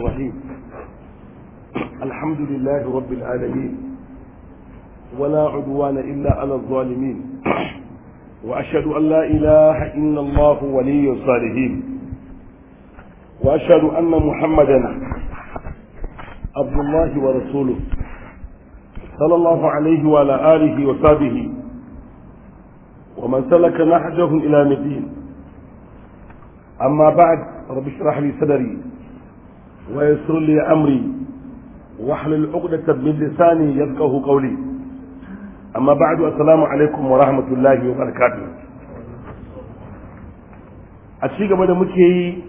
الرحيم الحمد لله رب العالمين ولا عدوان إلا على الظالمين وأشهد أن لا إله إلا الله ولي الصالحين وأشهد أن محمدا عبد الله ورسوله صلى الله عليه وعلى آله وصحبه ومن سلك نهجه إلى مدين أما بعد رب اشرح لي صدري ويسر لي أمري واحلل عقدة من لساني يفقه قولي أما بعد السلام عليكم ورحمة الله وبركاته أشيك بدا مكي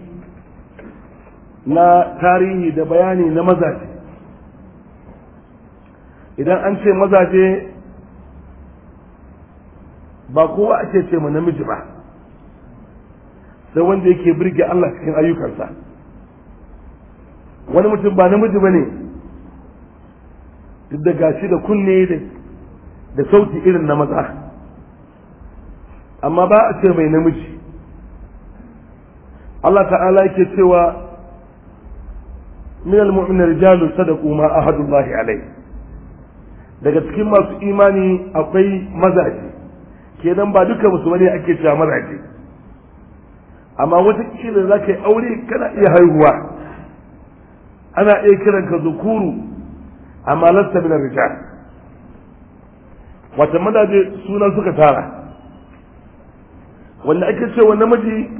na tarihi da bayani na mazaje idan an ce mazaje ba kowa ake ce ma namiji ba sai wanda yake birge Allah cikin ayyukansa wani mutum ba namiji ba ne duk da gashi da kunne da sauti irin na maza amma ba a ce mai namiji Allah ta'ala yake cewa min al-mu'min rijalu sadaqu ma ahadullahi alai daga cikin masu imani akwai mazaje kenan ba duka musulmai ake cewa mazaje amma wata kila za yi aure kana iya haihuwa ana iya kiranka zukuru amma lasta min rijal wata madaje suna suka tara wanda ake cewa namiji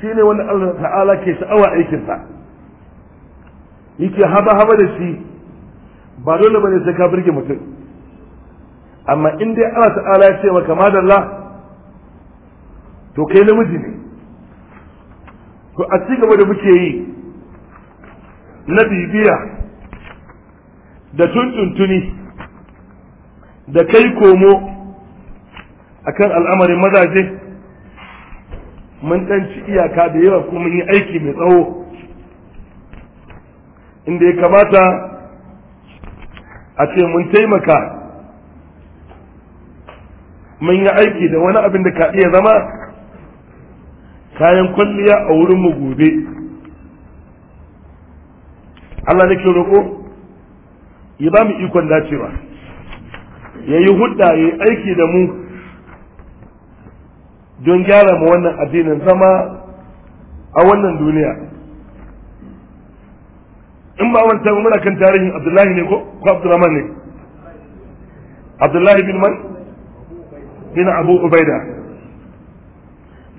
shine wanda Allah ta'ala ke sha'awa aikinsa yake haba haba da shi ba dole bane sai ka burge mutum amma in dai Allah ta'ala ya ce maka madalla to kai namiji ne to a ci gaba da muke yi na bibiya da tuntuntuni da kai komo akan al'amarin mazaje mun dan ci iyaka da yawa kuma mun yi aiki mai tsawo inda ya kamata a ce mun taimaka mun yi aiki da wani abin da ka iya zama kayan kwalliya a wurin mu gobe Allah nake roƙo ya ba mu ikon dacewa ya yi hudda ya yi aiki da mu don gyara mu wannan addinin zama a wannan duniya in ba wancan muna kan tarihin abdullahi ne ko abdurrahman ne abdullahi bin man bin abu ubaida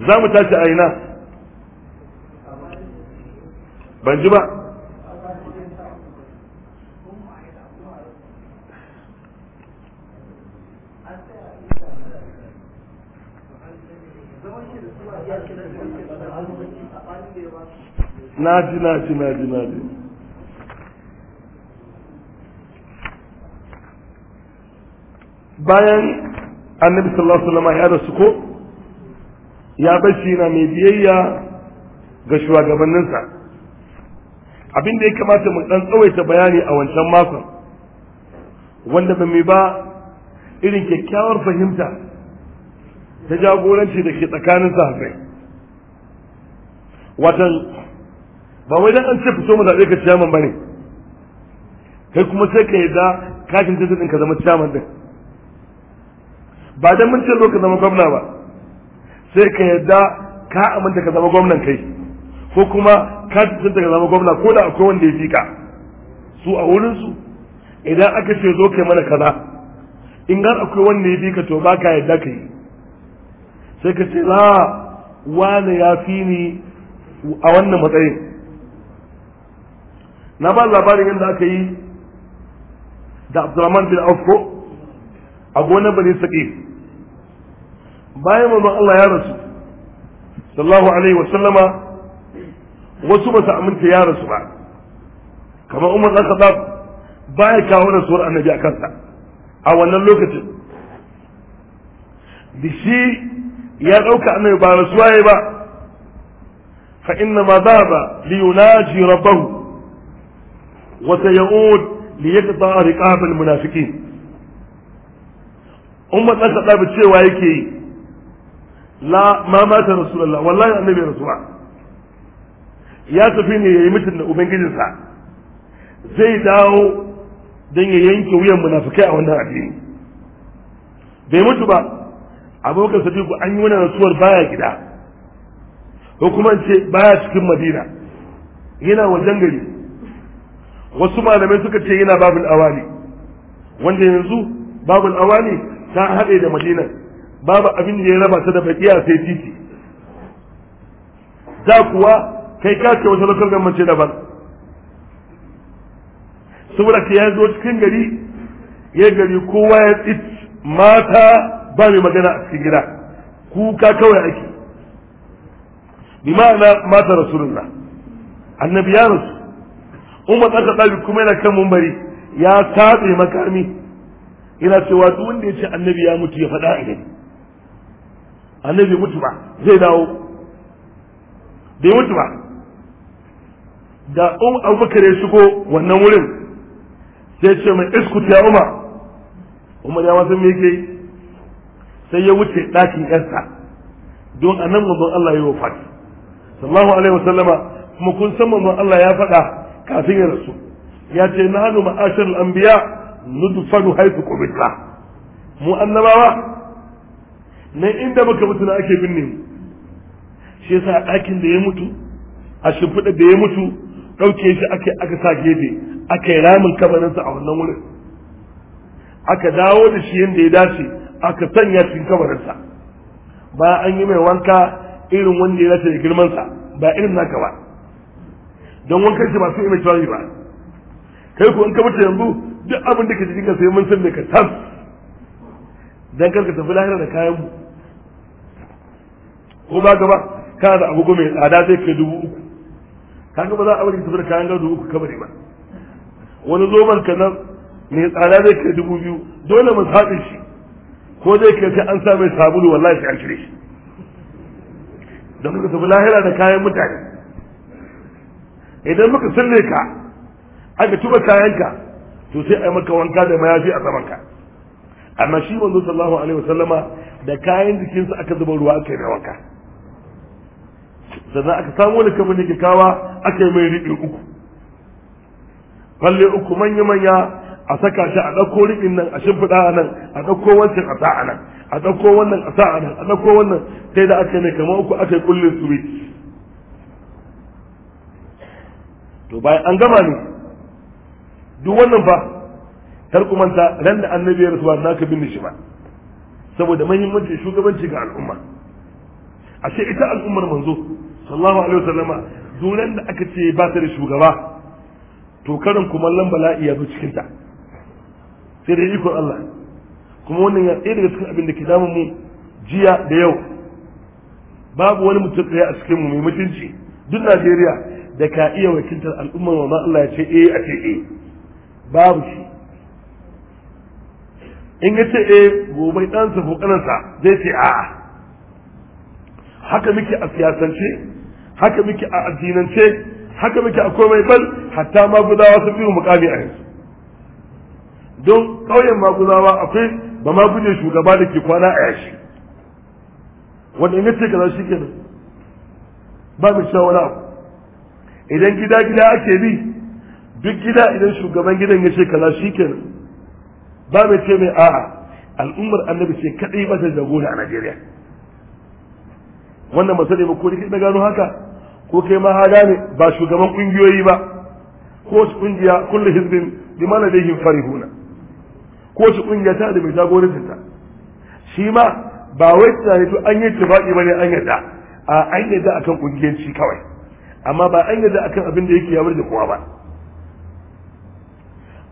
za mu tashi a ina ban ji ba na naji naji naji bayan annabi sallallahu alaihi wasallam ya rasu ko ya bashi na mai biyayya ga shugabanninsa abin da ya kamata mu dan tsawaita bayani a wancan makon wanda ba mai ba irin kyakkyawar fahimta ta jagoranci da ke tsakanin sahabbai watan ba wai dan an ce fito mu zaɓe ka ciyaman ba ne kai kuma sai ka yadda kashin titin din ka zama ciyaman ɗin ba dan mun ce lokacin ka zama gwamna ba sai ka yadda ka aminta ka zama gwamnan kai ko kuma ka titin ka zama gwamna ko da akwai wanda ya fi ka su a wurinsu idan aka ce zo kai mana kaza in har akwai wanda ya fi ka to ba ka yadda ka yi sai ka ce la ah, wani ya fi ni a wannan matsayin na ba labarin yadda aka yi da abdurrahman bin ko a gonar bani saƙi bayan manzon Allah ya rasu sallallahu alaihi wa sallama wasu ba su aminta ya rasu ba kamar umar ɗan kaɗaf baya kawo rasuwar annabi a kansa a wannan lokacin da shi ya ɗauka annabi ba rasuwa ya ba fa inna ma za ba liyunaji rabbahu وسيعود ليقطع رقاب المنافقين umma ɗan kaɗa cewa yake yi la ma mata rasulullah wallahi annabi rasuwa ya tafi ne ya mutum da ubangijinsa zai dawo don ya yanke wuyan munafikai a wannan addini bai mutu ba abokan sadiku an yi wani rasuwar baya gida ko baya cikin madina yana wajen gari wasu malamai suka ce yana babul awali wanda yanzu babul awali ta haɗe da madina babu abin da ya raba ta da baƙiya sai titi Za kuwa kai ka ce wata lokacin mace daban saboda ka ya zo cikin gari ya gari kowa ya tsit mata ba mai magana a cikin gida kuka kawai ake bi ma'ana mata rasulullah annabi ya rasu umar ɗan kaɗabi kuma yana kan mumbari ya tatse makami yana cewa duk wanda ya ce annabi ya mutu ya faɗa a gani annabi mutu ba zai dawo bai mutu ba da um abubakar ya shigo wannan wurin sai ce mai iskuta ya umar umar ya wasan me yake sai ya wuce ɗakin ƴarsa don a nan manzon Allah ya yi wafat sallallahu alaihi wasallama kuma kun san manzon Allah ya faɗa kafin ya rasu ya ce na hannu ma'ashar al'ambiya nudufanu haifu kubita mu annabawa na inda muka mutu na ake binne mu shi yasa a ɗakin da ya mutu a shimfiɗa da ya mutu ɗauke shi aka aka sa gefe aka yi ramin kabarinsa a wannan wurin aka dawo da shi yadda ya dace aka sanya cikin kabarinsa bayan an yi mai wanka irin wanda ya dace da girmansa ba irin naka ba don wankan shi ba su image ba kai ko in ka mutu yanzu duk abin da ke cikin ka sai mun san da ka tas dan kar ka tafi lahira da kayan mu ko ba gaba ka da agogo mai tsada zai kai dubu uku ga ba za a bari tafi da kayan gado uku ka bari ba wani zoban ka nan mai tsada zai kai dubu biyu dole mu saɓe shi ko zai kai sai an sa mai sabulu wallahi sai an kire shi dan ka tafi lahira da kayan mutane idan muka sille ka aka tuba kayanka to sai a maka wanka da mayafi a saman ka amma shi manzo sallallahu alaihi wasallama da kayan jikinsa aka zuba ruwa aka yi wanka sannan aka samu wani kamar da kawa aka yi mai riɓi uku falle uku manya manya a saka shi a ɗauko riɓin nan a shimfiɗa a nan a ɗauko wancan a sa'a nan a ɗauko wannan a sa'a nan a ɗauko wannan sai da aka yi kamar uku aka yi kullin su to bayan an gama ne duk wannan fa kar ran da annabi ya rasu ba ka bin shi ba saboda muhimmancin shugabanci ga al'umma ashe ita al'ummar manzo sallallahu alaihi wasallama duran da aka ce ba ta da shugaba to karin kumallon bala'i ya zo cikin ta sai da ikon Allah kuma wannan ya tsaye daga cikin abin da ke damun mu jiya da yau babu wani mutum ɗaya a cikin mu mai mutunci duk Najeriya da ka iya wakiltar al'ummar wa ma Allah ya ce eh a ce eh babu shi in ya ce eh gobe ɗansa ko ƙanansa zai ce a'a haka muke a siyasance haka muke a addinance haka muke a komai bal hatta maguzawa sun fi mukami a yanzu don ƙauyen maguzawa akwai ba ma guje shugaba da ke kwana a yashi wanda in ya ce kaza shi kenan ba mu cewa wani abu idan gida gida ake bi duk gida idan shugaban gidan ya ce kaza kenan, ba mai ce mai a'a al'ummar annabi ce kadai ba ta jagora a Najeriya wannan ba sani ba ko kai gano haka ko kai ma ha gane ba shugaban kungiyoyi ba ko su kungiya kullu hizbin bima ladayhim farihuna ko su kungiya ta da mai jagorancin ta shi ma ba wai tunani to an yi ba bane an yadda a an yadda akan kungiyanci kawai amma ba an yadda akan abin da yake ya da kowa ba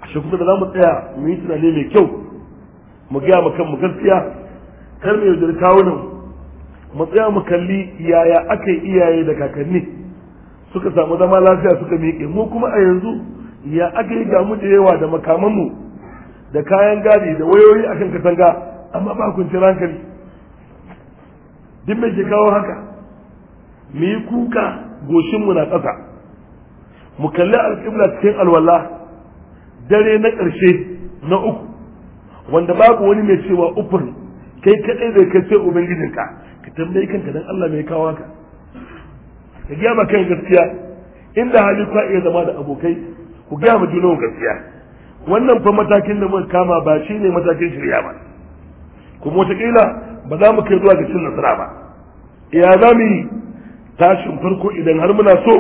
a shekuma da za mu tsaya mu yi tunani mai kyau mu gaya mu kanmu gaskiya kar mu yaudar kawunan mu tsaya mu kalli yaya aka yi iyaye da kakanni suka samu zama lafiya suka miƙe mu kuma a yanzu ya aka yi gamu da yawa da makamanmu da kayan gadi da wayoyi akan katanga amma ba kunci hankali duk mai ke kawo haka mu yi kuka goshinmu na ƙasa mu kalli alƙibla cikin alwala dare na ƙarshe na uku wanda babu wani mai cewa ufin kai kaɗai zai kai sai ubangijinka ka tambayi kanka dan Allah mai kawo ka ka gaya ma kan gaskiya inda hali ka iya zama da abokai ku gaya ma junan gaskiya wannan fa matakin da mun kama ba ne matakin shirya ba kuma wataƙila ba za mu kai zuwa ga cin nasara ba ya zamu yi tashin farko idan har muna so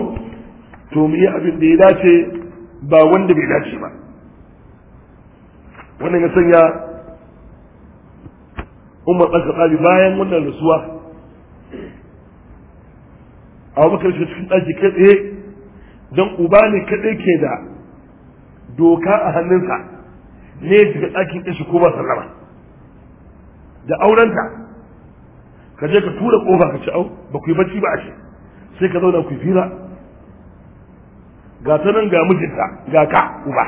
to mu yi abin da ya dace ba wanda bai dace ba wannan ya sanya umar ɗan tsari bayan wannan rasuwa a wani karshe cikin ɗaki kai tsaye don uba ne kaɗai ke da doka a hannunsa ne daga ɗakin ɗashi ko ba sallama da aurenta ka je ka tura ƙofa ka ci au ba ku yi bacci ba a shi sai ka zauna ku fira ga ta nan ga mijinta ga ka uba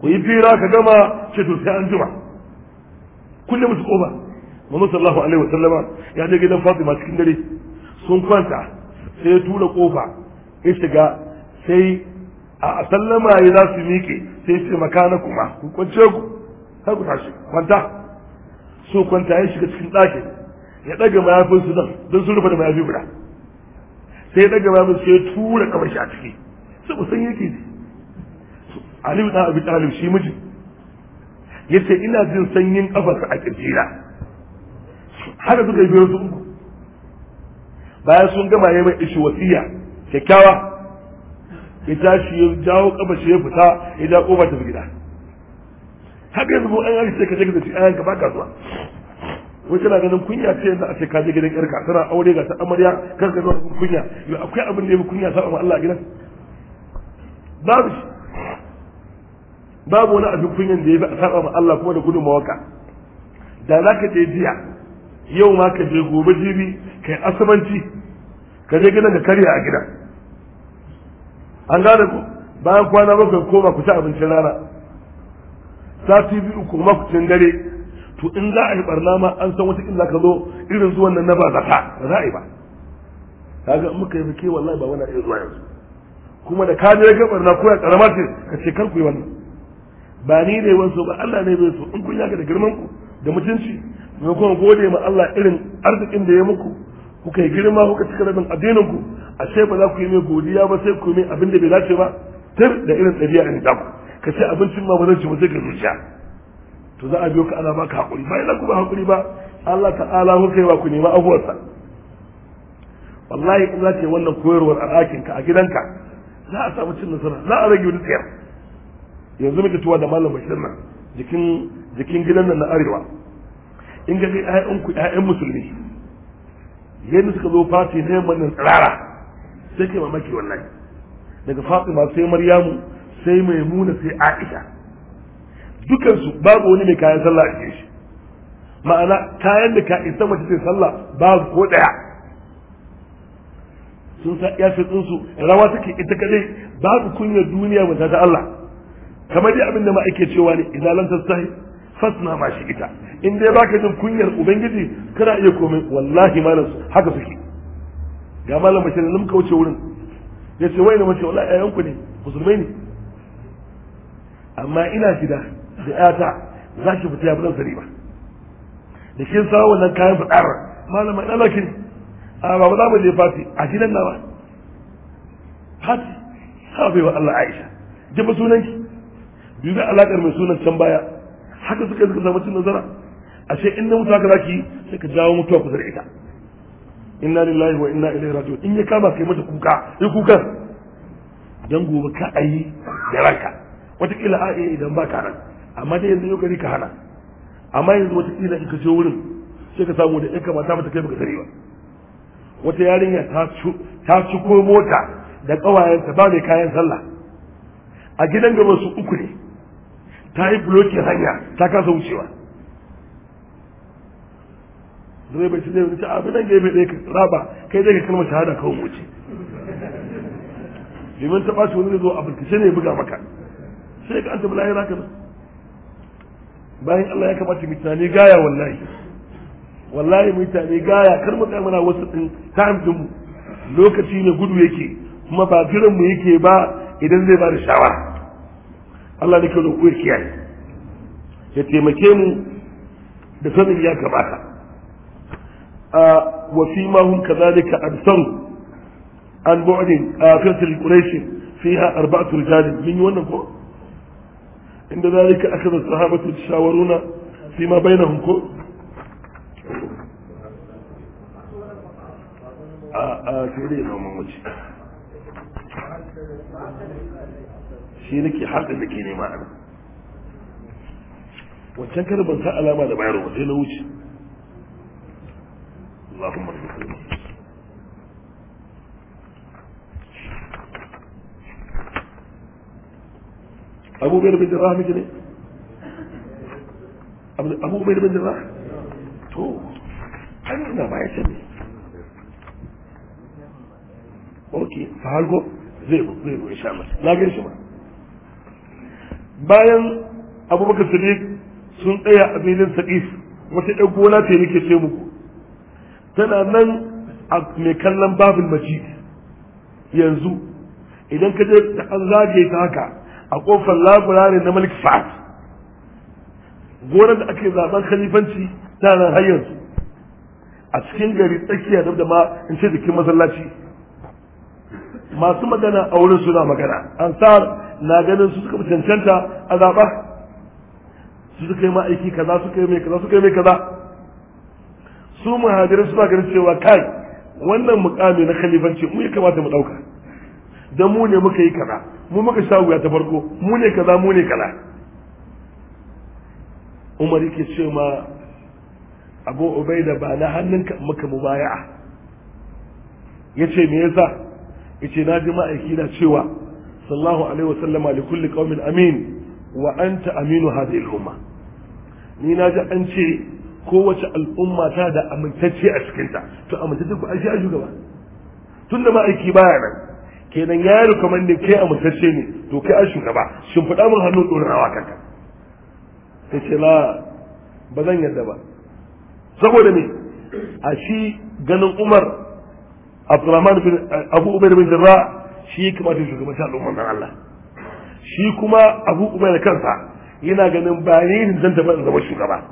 ku yi fira ka gama ce to sai an jima kullum musu kofa manzo sallallahu alaihi wa sallama ya je gidan Fatima cikin dare sun kwanta sai ya tura kofa ya shiga sai a sallama ya za su miƙe sai ce makana kuma ku kwance ku har ku tashi kwanta su kwanta ya shiga cikin ɗakin ya ɗaga mayafinsu nan don sun rufe da mayafi guda sai ya daga babu sai ya tura kamar shi a ciki su san yake ji aliyu da abi talib shi miji ya ce ina jin sanyin kafarsa a kirjira haka suka yi biyar su uku bayan sun gama ya mai ishi wasiya kyakkyawa ya tashi ya jawo kafar shi ya fita ya ja kofa ta gida haka yanzu mu an yi sai ka ce ka ce an ka ba kasuwa wai kana ganin kunya ce yanzu a ce ka je gidan yarka tana aure ga ta amarya kan ka zuwa kunya yau akwai abin da ya kunya sa ma Allah gidan babu shi babu wani abin kunyan da ya fi ma Allah kuma da gudun mawaka da za ka je jiya yau ma ka je gobe jibi ka yi asabanci ka je gidan ka karya a gida an gane ku bayan kwana bakwai koma ku ci abincin rana sati biyu koma ku cin dare to in za a yi barna ma an san wata illa ka zo irin zuwan nan na ba zata ba za a yi ba kaga in muka yi fike wallahi ba wani irin zuwa yanzu kuma da ka nira ga barna ko ya karama ce ka ce kar ku yi wannan ba ni ne wansu ba Allah ne bai so in kun yaka da girman ku da mutunci mai kuma gode ma Allah irin arzikin da ya muku kuka yi girma kuka cika rabin addinin ku ashe ba za ku yi mai godiya ba sai ku yi mai abin da bai dace ba tar da irin ɗabi'a irin taku ka ce abincin ma ba zai ci ba sai ka zuciya to za a biyo ka ana baka hakuri ba idan ku ba hakuri ba Allah ta'ala ku kai wa ku nema abuwarsa wallahi in za ka yi wannan koyarwar a ka a gidanka za a samu cin nasara za a rage wani tsayar yanzu muke tuwa da malam bashir nan jikin jikin gidan nan na arewa in ga ƴaƴan ku ƴaƴan musulmi yadda suka zo fati ne mun tsirara sai kai mamaki wannan daga fatima sai maryamu sai maimuna sai aisha dukansu babu wani mai kayan sallah a shi ma'ana kayan da ka isa mace ta sallah babu ko daya sun sa ya da rawa take ita kadai babu kunya duniya mata ta Allah kamar dai abin da ma ake cewa ne idan lan sai fasna ma shi ita in dai baka jin kunyar ubangiji kana iya komai wallahi malam haka suke ga malam mace da limka wuce wurin ya ce wai ne mace wallahi ayyanku ne musulmai ne amma ina gida da yata za ki fita ya fi sani ba da kin sa wannan kayan fadar malama ina lakin a ba za mu je fati a gidan na ba fati ha bai wa Allah Aisha ji ba sunan ki dubi alakar mai sunan can baya haka suka suka samu cin nazara a ce in na mutu haka zaki sai ka jawo mutuwa kusa da ita inna lillahi wa inna ilaihi raji'un in ya kama kai mata kuka yi kukan dan gobe ka ayi da ranka wataƙila a'a idan ba ka nan amma dai yanzu yau ka hana amma yanzu wata kila in ka je wurin sai ka samu da ɗanka mata mata kai baka sani ba wata yarinya ta ci ko mota da ƙawayenta ba mai kayan sallah a gidan gaba su uku ne ta yi bulokin hanya ta kasa wucewa zai bai cire wuce abin nan gaba ɗaya ka raba kai zai ka kalma shahada kawo wuce domin ta shi wani zo a bulkice ne buga maka sai ka an tabi lahira ka nan bayan Allah ya kamata mutane gaya wallahi wallahi mutane gaya kar mu kai muna wasu din time din lokaci ne gudu yake kuma ba girin mu yake ba idan zai ba da shawara Allah ne ke roƙo ya kiyaye ya taimake mu da sanin ya kamata a wa fi ma hum kadhalika absaru an bu'din a quraish fiha arba'atu rijal min wannan ko عند ذلك أخذ الصحابة يتشاورون فيما بينهم كل كريم أم آه، آه، موجي شينك يحق بكيني معنا وتشكر بنساء ألا ماذا بعيره اللهم صل وسلم abu bai da bin jarrah miki ne abu bai da bin jarrah to har na baya can ne ok fa zai go zai go insha Allah na gari shi ba bayan abubakar sadiq sun tsaya a filin saqif wata ɗan gona ce nake ce muku tana nan a mai kallon babul majid yanzu idan ka je an zagaye ta haka a kofar laburare na malik fa'ad gonar da ake zaben khalifanci ta nan har yanzu a cikin gari tsakiya da ma in ce jikin masallaci masu magana a wurin suna magana ansar na ganin su suka cancanta a zaɓa su suka yi ma'aiki kaza suka yi mai kaza suka yi mai kaza su muhajirai suna ganin cewa kai wannan mukami na khalifanci mu ya kamata mu ɗauka da mu ne muka yi kaza mu muka sha wuya ta farko mu ne kaza mu ne kaza umar yake ce ma abu ubaida ba na hannunka maka mubaya'a yace me yasa yace na ji ma'aiki na cewa Sallahu alaihi wasallama li kulli qaumin amin wa anta aminu hadhihi al-umma ni na ji an ce kowace al'umma ta da amintacce a cikinta to amintacce ku an shi a shugaba tun da ma'aiki baya nan kenan ya yi ne kai amintacce ne to kai an shugaba shin faɗa min hannu ɗorin hawa kanka ta ce la ba zan yadda ba saboda me a shi ganin umar abdulrahman bin abu ubayd bin jarra shi ya kamata ya shugabanci al'ummar nan allah shi kuma abu ubayd da kansa yana ganin ba ne zan taɓa zama shugaba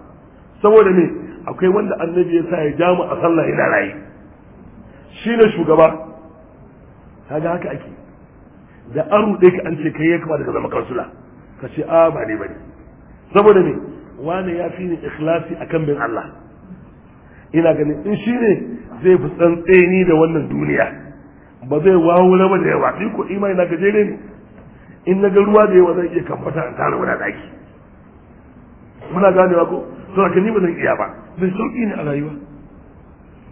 saboda me akwai wanda annabi ya sa ya ja mu a sallah yana raye shi ne shugaba kaga haka ake da an ruɗe ka an ce kai ya kamata ka zama kansula ka ce a ah, ba ne ba ne saboda ne wani ya fi ni ikhlasi akan bin Allah ina ganin in shi ne zai fi tsantseni da wannan duniya ba zai wawo ba da yawa ni ko imani na gajere ne in na ga ruwa da yawa zan iya kambata in tara wani daki muna ganewa ko to ka ni ba zan iya ba mai sauƙi ne a rayuwa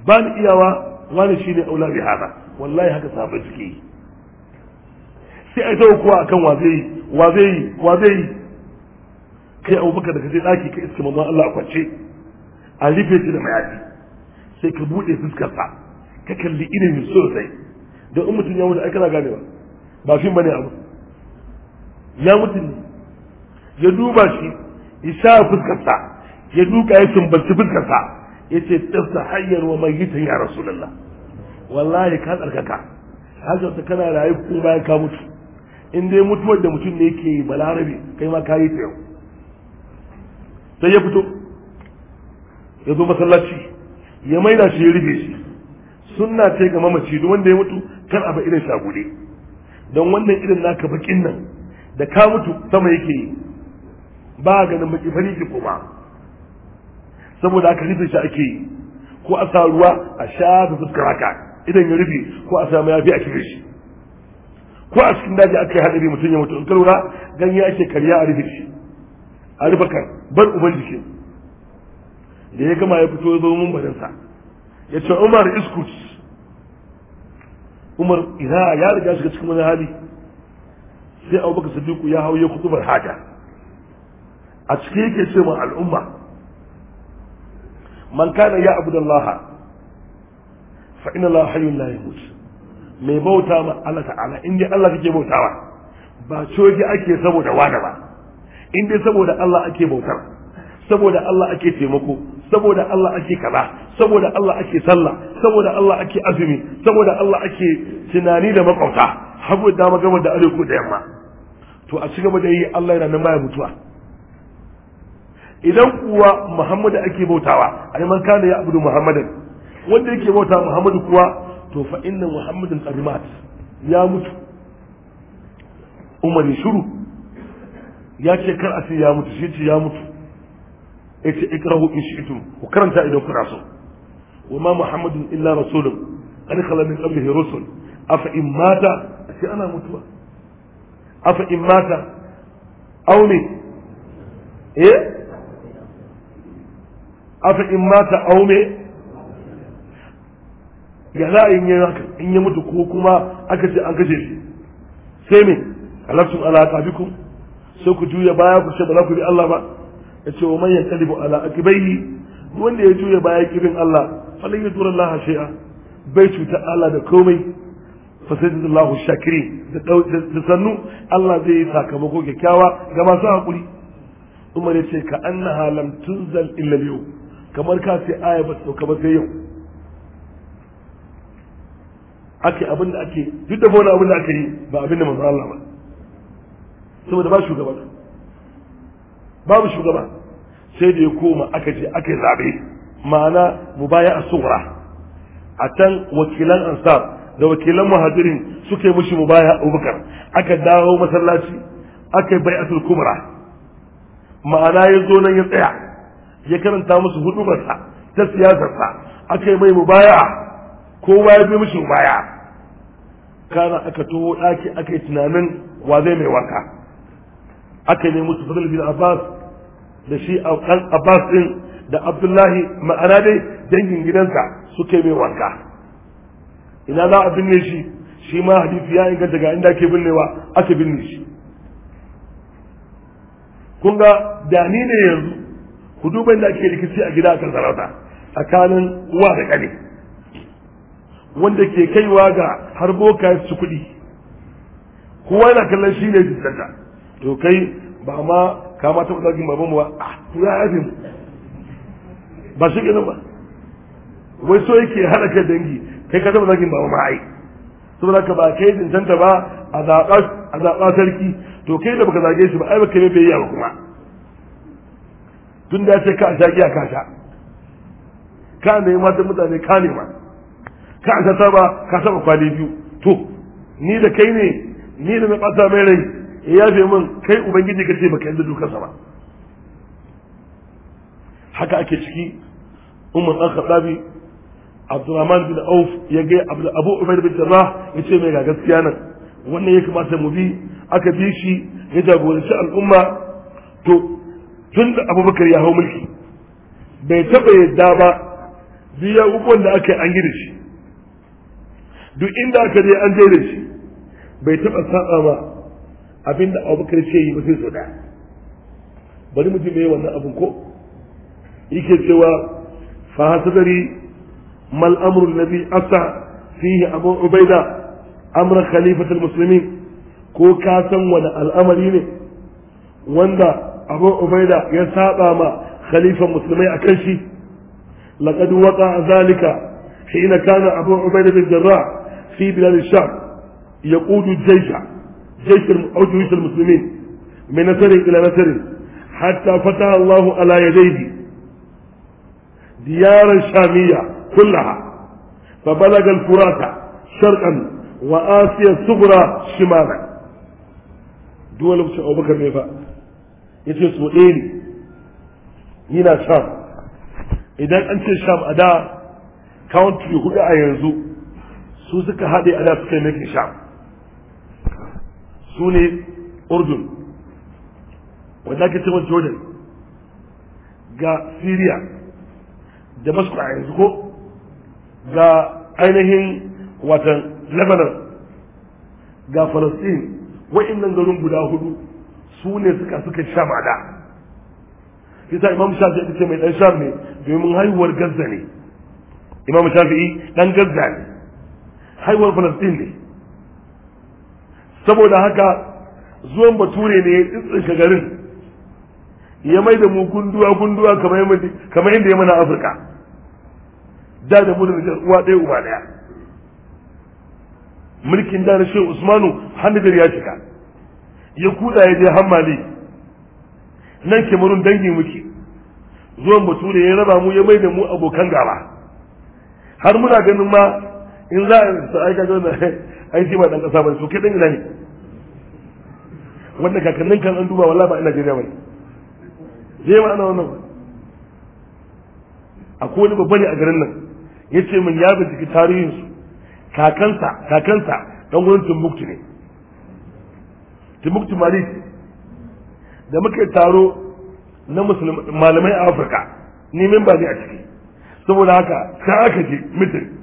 ba ni iyawa wani shi ne aula bi hada wallahi haka sahabbai suke yi sai ai tawo kuwa akan wa zai wa kai abu baka kai da ka je daki kai iska manzon Allah a kwance a rife shi da mayafi sai ka bude fuskarsa ka kalli ilimin sosai don in mutum ya mutu ai kana ganewa ba fim bane abu ya mutu ne ya duba shi isa fuskarsa ya duka ya sumbanci fuskarsa ya ce tafsa hanyar wa mai ya rasulullah wallahi ka tsarkaka hajjar ta kana rayu ko bayan ka mutu in dai mutuwar da mutum ne yake balarabe kai ma ka yi ta yau sai ya fito ya zo masallaci ya maida shi ya rufe shi sunna ce ga mamaci duk wanda ya mutu kar a ba irin shagule don wannan irin naka bakin nan da ka mutu sama yake yi ba ganin baki fari ki kuma saboda aka rufe shi ake yi ko a sa ruwa a shafe fuskar haka idan ya rufe ko a samu yafi a kife shi ko a cikin daji aka yi hadari mutum ya mutu in ka lura ganye ake karya a rufe shi a rufe kan bar uban jikin da ya gama ya fito ya zo mun barinsa ya ce umar iskut umar ina ya riga shiga cikin wani hali sai a abubakar sadiku ya hau ya kutubar haja a cikin yake ce ma al'umma man kana ya abu fa inna la hayyun la yamut mai bauta ma Allah ta'ala in dai Allah kake bautawa ba coji ake saboda wada ba in dai saboda Allah ake bautar saboda Allah ake taimako saboda Allah ake kaza saboda Allah ake sallah saboda Allah ake azumi saboda Allah ake tunani da makauta hagu da magana da arewa da yamma to a cigaba da yi Allah yana nan baya mutuwa idan kuwa Muhammadu ake bautawa ai man kana ya abudu Muhammadu. wanda yake bauta muhammadu kuwa to fa inna muhammadin qadimat ya mutu umar ya shiru ya ce kar a ce ya mutu shi ce ya mutu yace ikrahu in shi'tum ku karanta idan kuna so wa ma muhammadin illa rasulun an khala min qablihi rusul afa in mata sai ana mutuwa afa in mata aw ne eh afa in mata aw ya za in yi haka in ya mutu ko kuma aka ce an kashe shi sai me alaftum ala tabikum sai ku juya baya ku ce ba za ku bi Allah ba ya ce wa manyan kalibu ala akibaihi wanda ya juya baya kibin Allah falai ya tura Allah shi'a bai cuta Allah da komai fasidin Allah shakiri da sannu Allah zai yi sakamako kyakkyawa ga masu hakuri umar ya ce ka an na halam zan illa kamar ka sai aya ba sauka ba sai yau ake abin da ake duk da fona abin da ake yi ba abin da manzo Allah ba saboda ba shugaba babu shugaba sai da ya koma aka je aka zabe ma'ana mubaya'a a sughra a can wakilan ansar da wakilan muhajirin suke mushi mubaya'a abubakar aka dawo masallaci aka bai bai'atul kumra ma'ana ya zo nan ya tsaya ya karanta musu hudubarsa ta siyasarsa aka yi mai mubaya'a kowa ya bi mishi baya kana aka toho ɗaki aka yi tunanin wa zai mai waka aka ne mutu fadl bin abbas da shi ɗan abbas ɗin da abdullahi ma'ana dai dangin gidansa suke mai wanka ina za a binne shi shi ma hadisi ya inganta ga inda ake binnewa aka binne shi kun ga da ni ne yanzu ku duba inda ake rikici a gida akan sarauta tsakanin uwa da ƙane wanda ke kaiwa ga har boka su kuɗi kowa yana kallon shi ne jiddata to kai ba ma ka ma taɓa zagin baban mu ba a ah, to ya yi mu ba shi kenan ba wai so yake haɗa kai dangi kai ka taɓa zagin baban ma ai saboda ka ba kai jiddanta ba a zaɓa sarki to kai da baka zage shi ba ai baka yi bai yawa kuma tun da ya ce ka a shaƙi a kasha ka nema da mutane ka nema ka an saba ka saba kwali biyu to ni da kai ne ni da mai ɓata mai rai ya fi min kai ubangiji ka ce baka yadda dukansa ba haka ake ciki umar ɗan khattabi abdurrahman bin auf ya ga abu ubayd bin jarrah ya ce mai ga gaskiya nan wannan ya kamata mu bi aka bi shi ya jagoranci al'umma to tun da abubakar ya hau mulki bai taɓa yadda ba biya abubuwan da aka yi an gida shi duk inda aka je an je da shi bai taɓa saba ba abinda abubakar ce yi ba sai tsoda bari mu ji me wannan abin ko yake cewa fa hasadari mal amru nabi asa fihi abu ubaida amra khalifatul muslimin ko ka san wani al'amari ne wanda abu ubaida ya saba ma khalifan musulmai akan shi laqad waqa zalika حين كان أبو عبيدة بن الجراح في بلاد الشام يقود الجيش جيش أو جيوش المسلمين من نسر إلى نسر حتى فتح الله على يديه ديار الشامية كلها فبلغ الفرات شرقا وآسيا الصغرى شمالا دول أبو بكر ميفا yace so هنا شام yana أنت idan an كونت sham a su suka haɗe ana suka yi mulkin sham su ne urdun wanda ake cewa jordan ga syria da masu a yanzu ko ga ainihin watan lebanon ga falastin wa'in garin guda hudu su ne suka suka sha mada yasa imam shafi'i ce mai dan sham ne domin haihuwar gazza ne imam shafi'i dan gazza ne haihuwar falastin ne saboda haka zuwan bature ne ya tsintsinka garin ya mai da mu gunduwa gunduwa kamar yadda ya mana afirka da da mu da uwa ɗaya uba ɗaya mulkin da na shehu usmanu hannajar ya cika ya kuda ya je hammali nan kemarun dangi muke zuwan bature ya raba mu ya mai da mu abokan gaba har muna ganin ma in za a su aika zo ai shi ba dan kasa ba su ke dan ina ne wanda kakannin kan an duba wallahi ba ina Najeriya bane je ma ana wannan akwai wani babba ne a garin nan yace min ya binciki tarihin su kakansa kakansa dan gurin Timbuktu ne Timbuktu Mali da muke taro na musulmai malamai a Afirka ni memba ne a ciki saboda haka sai aka je mitin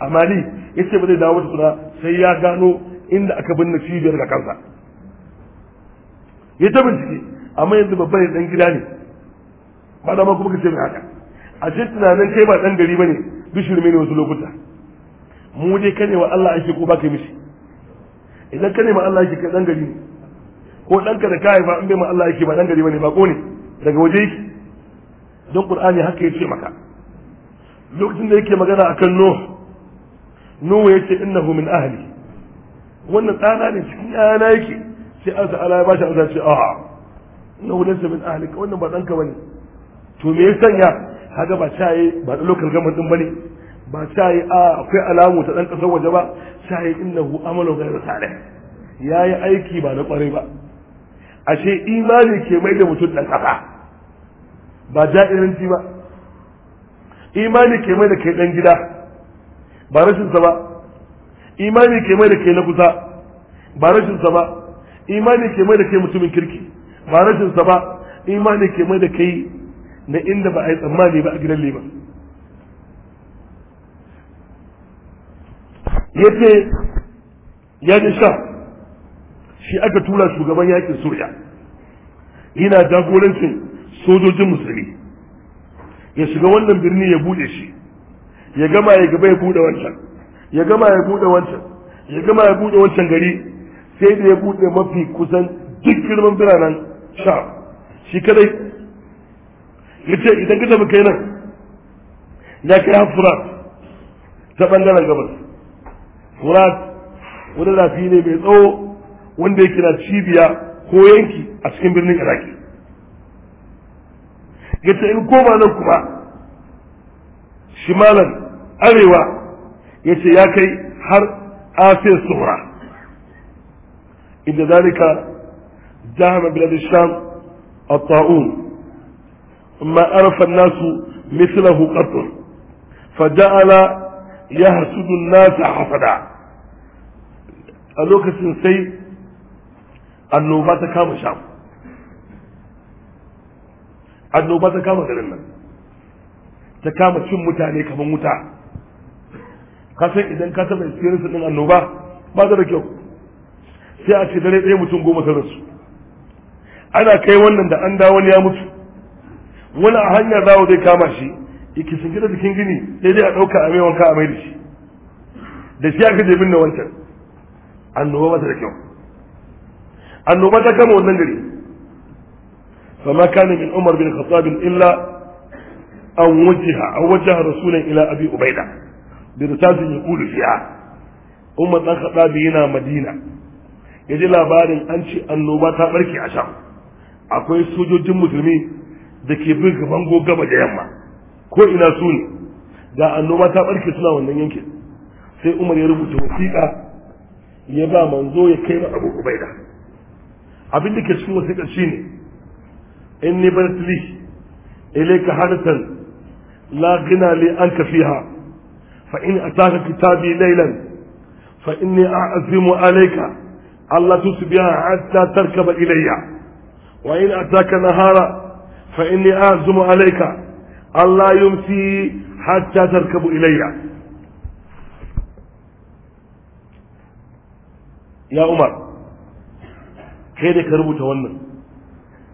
amma ni yace ba zai dawo mata suna sai ya gano inda aka binne cibiyar da kansa ya ta bincike amma yanzu babban dan gida ne ba da ma kuma kace ce mai haka a ce tunanin kai ba dan gari bane bishirme ne wasu lokuta mu dai kane wa Allah ake ko ba kai mishi idan kane ma Allah ake kai dan gari ne ko ɗanka da kai ba an bai ma Allah ake ba dan gari bane ko ne daga waje yake don Qur'ani haka yace maka lokacin da yake magana akan Nuh nuhu yace hu min ahli wannan tsana ne cikin yana yake sai an sa ala ya bashi azan ce a hu laysa min ahli wannan ba danka bane to me ya sanya haga ba yi ba lokal government din bane ba shaye a akwai alamu ta dan kasar waje ba shaye innahu amalu ghayru salih yayi aiki ba na kware ba ashe imani ke mai da mutum dan kasa ba ji ba imani ke mai da kai dan gida ba rashinsa ba imani ke mai da kai na kusa ba rashinsa ba imani ke mai da kai mutumin kirki ba rashinsa ba imani ke mai da kai na inda ba a yi tsammani ba a gidan liman ya ce ya ji sha shi aka tura shugaban yakin suriya yana jagorancin sojojin musulmi ya shiga wannan birni ya buɗe shi ya gama ya gaba ya buɗe wancan ya gama ya bude wancan ya gama ya bude wancan gari sai da ya buɗe mafi kusan duk girman biranen sha shi kadai ya ce idan ka tafi kai nan ya kai har furat ta bangaren gabas furat wani rafi ne mai tsawo wanda ya kira cibiya ko yanki a cikin birnin iraki ya ce in koma nan kuma shimalan arewa ce ya kai har afe suhra inda zalika zahama bilad sham الطاعون ما عرف الناس مثله قط فجعل a الناس a lokacin sai annoba ta kama sham annoba ta kama garin nan ta kama cin mutane kamar wuta ka san idan ka taɓa experience din annoba ba da kyau sai a ce dare ɗaya mutum goma ta su ana kai wannan da an da wani ya mutu wani a hanyar zawo zai kama shi yake sun gida jikin gini sai dai a ɗauka a mai wanka a mai da shi da shi aka jebin na wancan annoba ba da kyau annoba ta kama wannan gari فما كان من عمر بن الخطاب illa an وجه a وجه رسولا ila أبي أبيدة birsasin ya kulu fiya umar ɗan da yana madina ya ji labarin an ce annoba ta ɓarke a sham akwai sojojin musulmi da ke bin gaban gaba da yamma ko ina su ne ga annoba ta ɓarke suna wannan yankin sai umar ya rubuta wasiƙa ya ba manzo ya kai ma abu ubaida abin da ke cikin shi shine in ni bartili ilaika hadatan la gina li anka fiha فإن أتاك كتابي ليلا فإني أعزم عليك ألا تسبيا حتى تركب إلي وإن أتاك نهارا فإني أعزم عليك ألا يمسي حتى تركب إلي يا عمر كيف كربو ونن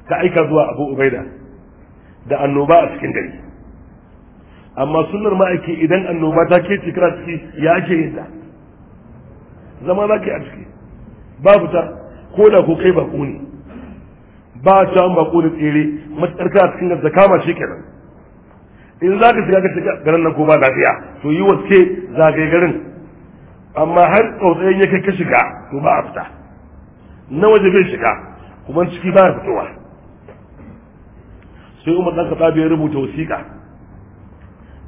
كأيك أبو عبيدة ده النوباء اسكندري amma sunnar ma'aiki idan annoba ta ke cikin ciki ya ake yin ta zama za a ciki Ba fita ko da ko kai bako ne ba a an bako da tsere matsar ka cikin da kama shi kenan in za ka shiga ka shiga garin nan ko ba lafiya to yi waske zagaye garin amma har tsautsayin ya kai ka shiga to ba a fita na waje bai shiga kuma ciki ba fitowa sai umar ɗan ka ya rubuta wasiƙa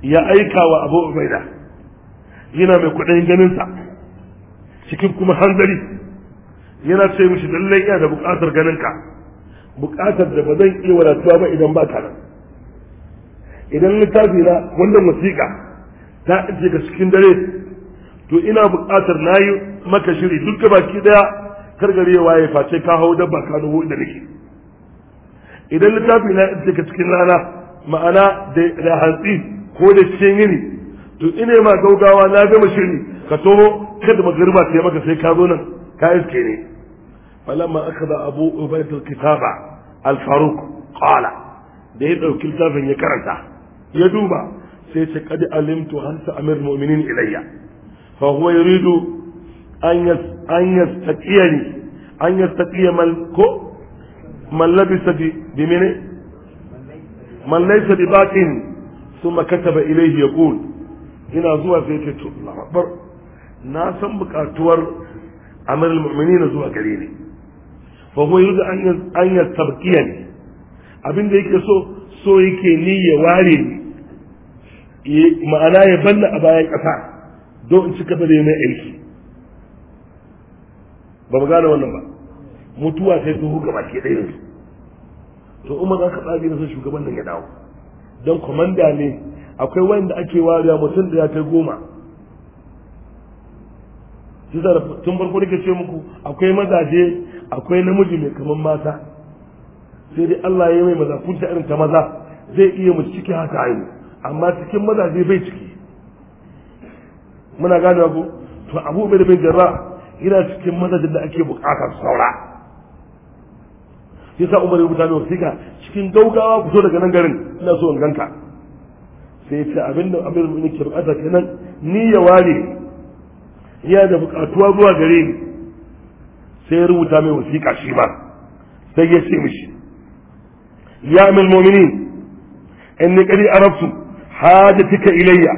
ya aika wa abu ubaida yana mai kuɗin ganinsa cikin kuma hanzari yana ce mishi lallai ina da buƙatar ganinka buƙatar da ba zan iya wadatuwa ba idan ba ka nan idan littafi na wannan wasiƙa ta ajiye ga cikin dare to ina buƙatar na yi maka shiri duk baki ɗaya kargare waye face ka hau dabba ka nuhu da nake idan littafi na ajiye ga cikin rana ma'ana da hantsi ko da cikin yini to ina ma gaugawa na gama shiri ka toho kada magarba ta maka sai ka zo nan ka iske ne falamma akhadha abu ubaydah kitaba alfaruk faruq qala da ya dauki littafin ya karanta ya duba sai ce kad alimtu hanta amir mu'minin ilayya fa huwa yuridu an yas an taqiyani an yastaqiya mal ko man labisa bi mallai sadi baqin ثم كتب إليه يقول ina zuwa sai ce to labar na san bukatuwar amir mu'minin zuwa gare ni fa huwa yuridu an an yastabqiyani abin da yake so so yake ni ya ware ni ma'ana ya banna a bayan kasa don in ci gaba da yin aiki ba gane wannan ba mutuwa sai su huka baki ɗaya to umar za ka tsabi na son shugaban nan ya dawo don kwamanda ne akwai wanda ake wariya mutum da ya kai goma tun farko da ce muku akwai mazaje akwai namiji mai kaman mata sai dai Allah ya yi maza kunta irin ta maza zai iya mu ciki haka ayu amma cikin mazaje bai ciki muna gane ku to abu bai da bai jarra yana cikin mazajen da ake bukatar saura sai sa umar ya rubuta ne wasiƙa cikin gaugawa ku zo daga nan garin ina so in ganka sai ya ce abin da amir mu ke bukata kenan ni ya ware ya da bukatuwa zuwa gare ni sai ya rubuta mai wasiƙa shi ma sai ya ce mishi ya amir mu'minin inni qad arabtu hajatika ilayya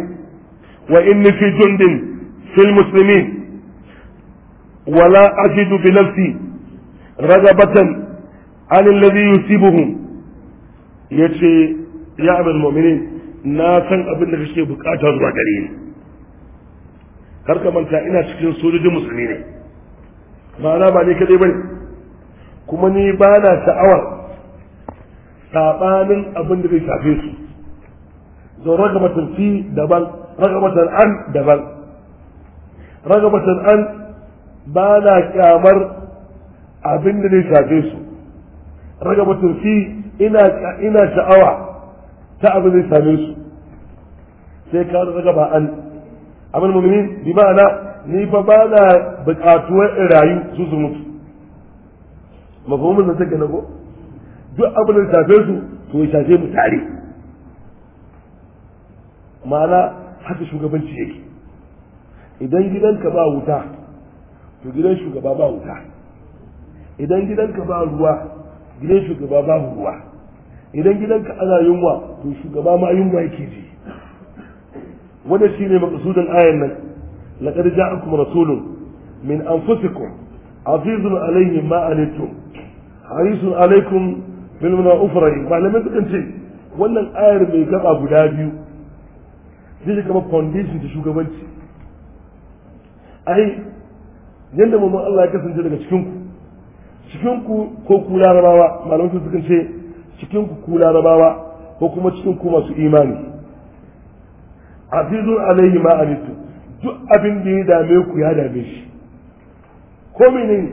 wa inni fi jundin fil muslimin ولا أجد بنفسي رغبة alilladhi yusibuhum yace ya abul mu'minin na san abin da kake bukata zuwa gare ni kar ka manta ina cikin sojojin musulmi ne ma'ana ba ni kadai bane kuma ni ba na sha'awar sabanin abin da zai shafe su don ragamatar fi daban ragamatar an daban ragamatar an ba na kyamar abin da zai shafe su ragabatun fi ina sha'awa ta abin zai same su sai ka ragaba an amal mu'minin bi ma'ana ni fa ba na buƙatuwar rayu su su mutu mafhumin da take na ko duk abin da shafe su to ya shafe mu tare ma'ana haka shugabanci yake idan gidanka ba wuta to gidan shugaba ba wuta idan gidanka ba ruwa gidan shugaba babu ruwa idan gidanka ana yunwa to shugaba ma yunwa yake ji wanda shi ne makasudan ayan nan laqad ja'akum rasulun min anfusikum azizun alayhi ma anittum harisun alaykum bil munafiqin malamai sukan ce wannan ayar mai gaba guda biyu zai kama foundation ta shugabanci ai mu mamman Allah ya kasance daga cikinku. cikin ku ko ku larabawa malamin su sukan ce cikin ku ku larabawa ko kuma cikin ku masu imani azizu alaihi ma anitu duk abin da ya dame ku ya dame shi ko menene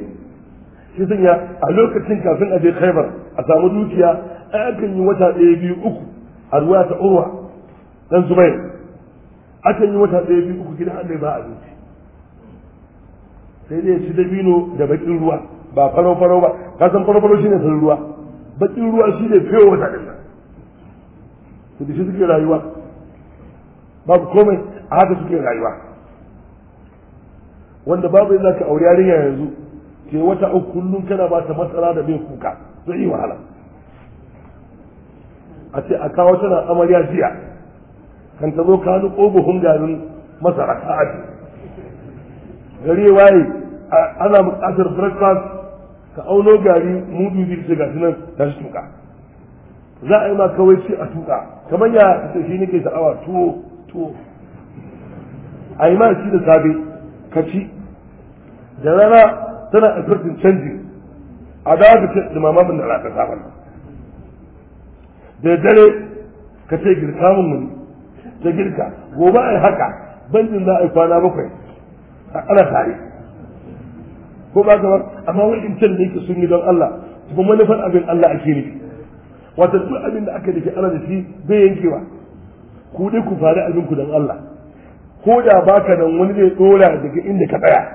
shi sanya a lokacin kafin a je khaibar a samu dukiya akan yi wata ɗaya biyu uku a ruwa ta urwa dan zubair akan yi wata ɗaya biyu uku gidan allai ba abinci sai dai shi dabino da bakin ruwa ba faro faro ba ka san faro faro shine san ruwa bakin ruwa shine fiyo wata din Su to da shi suke rayuwa babu komai a haka suke rayuwa wanda babu yadda ka aure yarinya yanzu ke wata uku kullum kana ba ta matsala da bai kuka zai yi wahala a ce a kawo tana amarya jiya kan ta zo kanu buhun garin masara a gari waye ana buƙatar breakfast ka auno gari mudu biyu ce ga sunan ta shi tuka za a yi ma kawai ce a tuka kamar ya ita shi nake sha'awa tuwo tuwo a yi ma shi da safe ka ci da rana tana asirtin canji a da ka ce da mamamin da rata saban da dare ka ce girka mun wani ta girka gobe a yi haka banjin za a yi kwana bakwai a ana tare ko ba ka amma wani can ne ke sun yi don Allah kuma manufar abin Allah ake nufi wata duk abin da aka nufi ana da shi bai yankewa ku dai ku fara abin ku don Allah ko da baka nan wani zai dora daga inda ka tsaya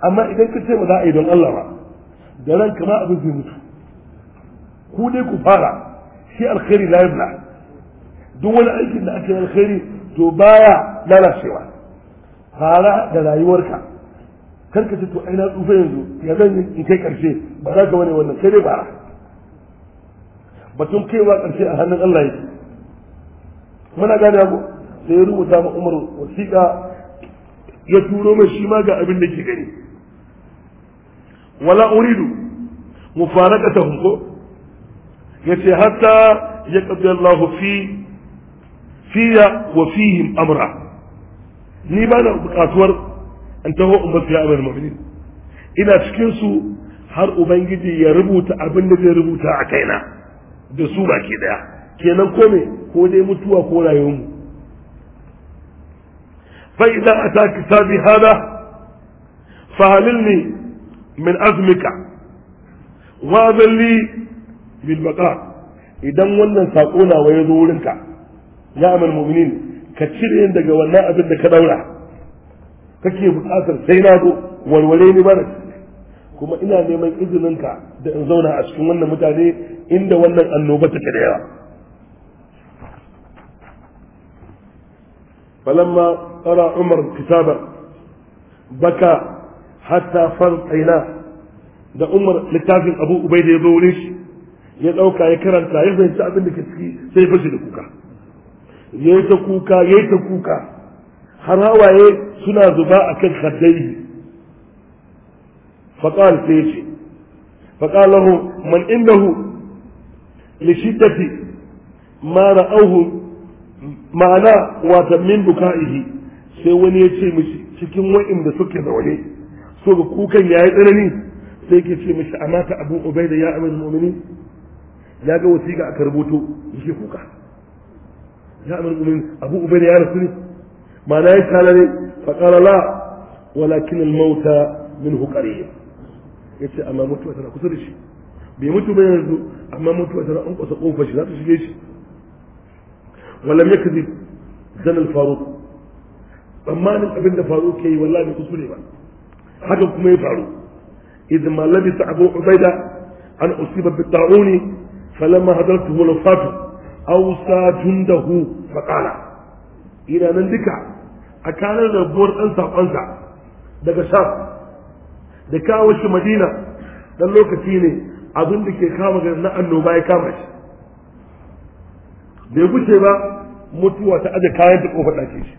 amma idan ka ce ba za a yi don Allah ba da ran kama abin zai mutu ku dai ku fara shi alkhairi la yabla duk wani aikin da aka yi alkhairi to baya lalacewa fara da rayuwarka karka ka ce to ai na tsufa yanzu ya zan yi kai karshe ba za ka wani wannan sai dai batun kaiwa karshe a hannun Allah yake muna gane ku sai ya rubuta ma Umar wasiƙa ya turo mai shi ma ga abin da ke gani wala uridu mufaraqatahum ko yace hatta ya yaqdi Allah fi fiya wa fihim amra ni ba na bukatuwar an taho in ya amir mu'minin ina cikin su har ubangiji ya rubuta abin da zai rubuta a kaina da su baki daya kenan ko me ko dai mutuwa ko rayuwar mu fa idan ata kitabi hada halilni min azmika wa zalli bil baqa idan wannan sako na waye zo wurinka ya amir mu'minin ka cire daga wannan abin da ka daura kake buƙatar sai na zo warware ni bara kuma ina neman izininka da in zauna a cikin wannan mutane inda wannan annoba ta da yawa Falama ara Umar kitaba baka hatta فرط da umar littafin abu ubaida da ya zo wurin shi ya ɗauka ya karanta ya fahimci abin da ke ciki sai fashe da kuka ya yi ta kuka ya yi ta kuka har hawaye suna zuba a kan khaddaihi faqal sai ya ce lahu man indahu li shiddati ma ra'awhu ma'ana wata min buka'ihi sai wani ya ce mishi cikin wa'inda suke zaune so ga kukan yayi tsanani sai ke ce mishi amata abu ubaida ya amir mu'mini ya ga wasiƙa aka rubuto yake kuka ya amir mu'mini abu ubaida ya rasu ne معناه قال لي فقال لا ولكن الموت منه Ya ce amma mutuwa tana kusa da shi bai mutu ba yanzu amma mutuwa tana an kusa kofar shi za ta shige shi walam yakzib zan al faruq tsammanin abin da faruq yayi wallahi bai kuskure ba haka kuma ya faru Idan ma labisa abu ubaida an usiba bi ta'uni falamma hadartuhu al fatu awsa jundahu faqala ina nan duka a kanar rabuwar ɗan saƙonsa daga sha da kawo shi madina ɗan lokaci ne abin da ke kama gari na annoba ya kama shi bai guce ba mutuwa ta aje kayan ta ƙofar ɗake shi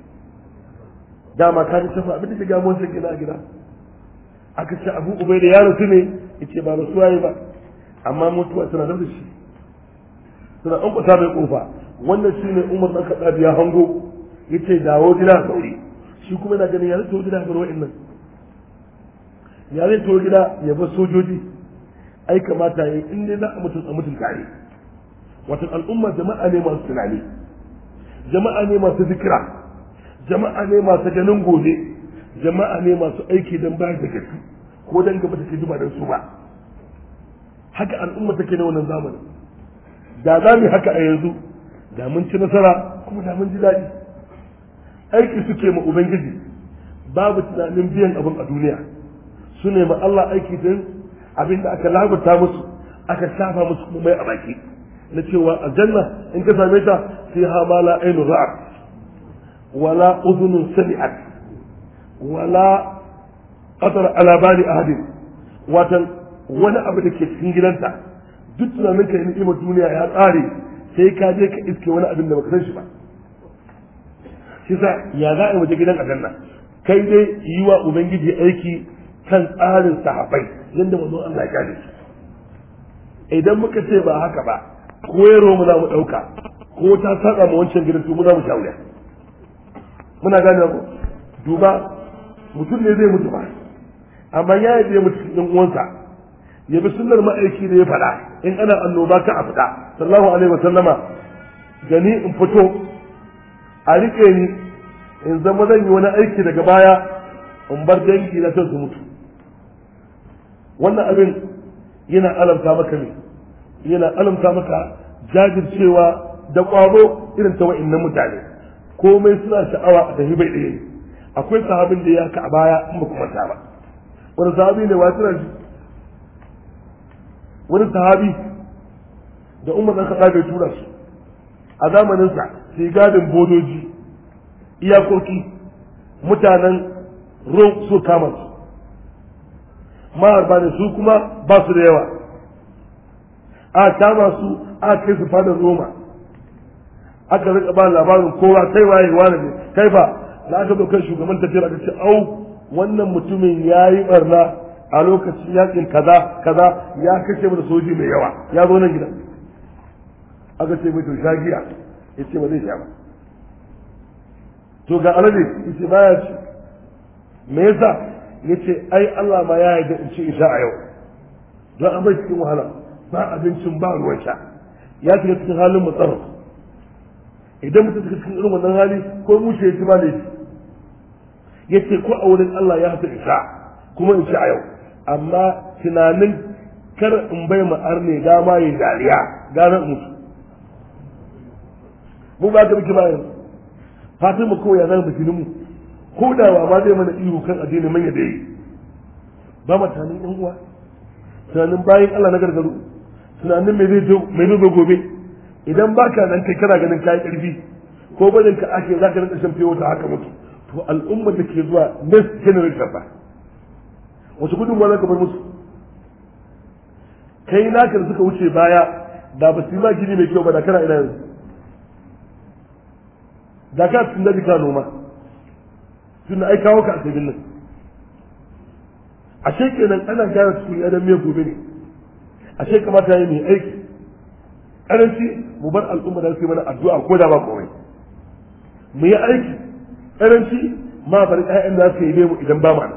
dama ji shafa abin da ke gamo sai gina gida aka ce abu ubai da yaro su ne ce ba ba suwaye ba amma mutuwa tana da shi suna an kwata mai ƙofa. wannan shi ne umar ɗan kaɗa ya hango yace dawo gida sauri shi kuma yana ganin ya zai gida bar wa'annan ya zai tawo gida ya bar sojoji ai kamata ya in dai za a mutum a mutum tare wato al'umma jama'a ne masu tunani jama'a ne masu zikira jama'a ne masu ganin gobe jama'a ne masu aiki don bayar da gaske ko don gaba take jima don su ba haka al'umma take na wannan zamanin da za mu haka a yanzu da mun ci nasara kuma da mun ji daɗi aiki suke ma ubangiji babu tunanin biyan abin a duniya su ne ma Allah aiki din abin da aka labarta musu aka shafa musu kuma mai a baki na cewa janna in ka same ta sai ma la ainu ra'a wala udhunun sami'at wala qatar ala bali ahadin watan wani abu da ke cikin gidanta duk tunanin ka ni'imar duniya ya tsare sai ka je ka iske wani abin da baka san shi ba kisa ya za a waje gidan aljanna kai dai yi wa ubangiji aiki kan tsarin sahabbai yadda manzon Allah ya shi idan muka ce ba haka ba ko yaro mu za mu ɗauka ko ta saba ma wancan gidan su mu za mu sha wuya muna gane ku duba mutum ne zai mutu ba amma ya yi mutu ɗan uwansa ya bi sunnar ma'aiki da ya faɗa in ana annoba ka a fita sallallahu alaihi wa sallama gani in fito a riƙe ni in zama zan yi wani aiki daga baya in bar dangi na sai su mutu wannan abin yana alamta maka ne yana alamta maka jajircewa da ƙwaro irin ta wa'innan mutane komai suna sha'awa a tafi bai ɗaya akwai sahabin da ya ka a baya in ba kuma ba wani sahabi ne wa wani sahabi da umar ɗan kaɗa bai tura su a zamaninsa su gadin bodoji iyakoki mutanen ruwan su kama su ma'arba ne su kuma ba su da yawa a kama su a kai su fadar roma aka rika ba labarin kowa kai waye wani ne kai ba da aka zo kan shugaban tafiyar aka ce au wannan mutumin ya yi barna a lokacin yakin kaza kaza ya kashe mana soji mai yawa ya zo nan gida aka ce mai to shagiya ya ce ba zai sha ba to ga alade ya ce ya ci me yasa ya ce ai Allah ma ya yarda in ci isha a yau don an bai cikin wahala ba abincin ba ruwan sha ya shiga cikin halin matsarar idan mutum suka cikin irin wannan hali ko mushe ya ci ba laifi ya ce ko a wurin Allah ya hasa isha kuma in ci a yau amma tunanin kar in bai ma'ar ne dama ya dariya gane mutum mu ba ka biki ba yanzu ko ya zama bikinin mu ko da ba zai mana ihu kan addini manya da yi ba ma tunanin yan uwa tunanin bayan Allah na gargaru tunanin me zai zo gobe idan ba ka nan kai kana ganin kayan karfi ko bajin ka ake za ka rinka shan fiye wata haka mutu to al'umma da ke zuwa next generation ba wace gudun za ka bar musu kai naka da suka wuce baya da ba su yi ma gini mai kyau ba da kana ina yanzu da ka cikin daji ka noma tun ai kawo ka asibin nan ashe kenan ana gyara cikin adam mai gobe ne ashe kamata yi aiki karanci mu bar al'umma da su mana addu'a ko da ba komai mu yi aiki karanci ma bar ƴaƴan da su yi mu idan ba ma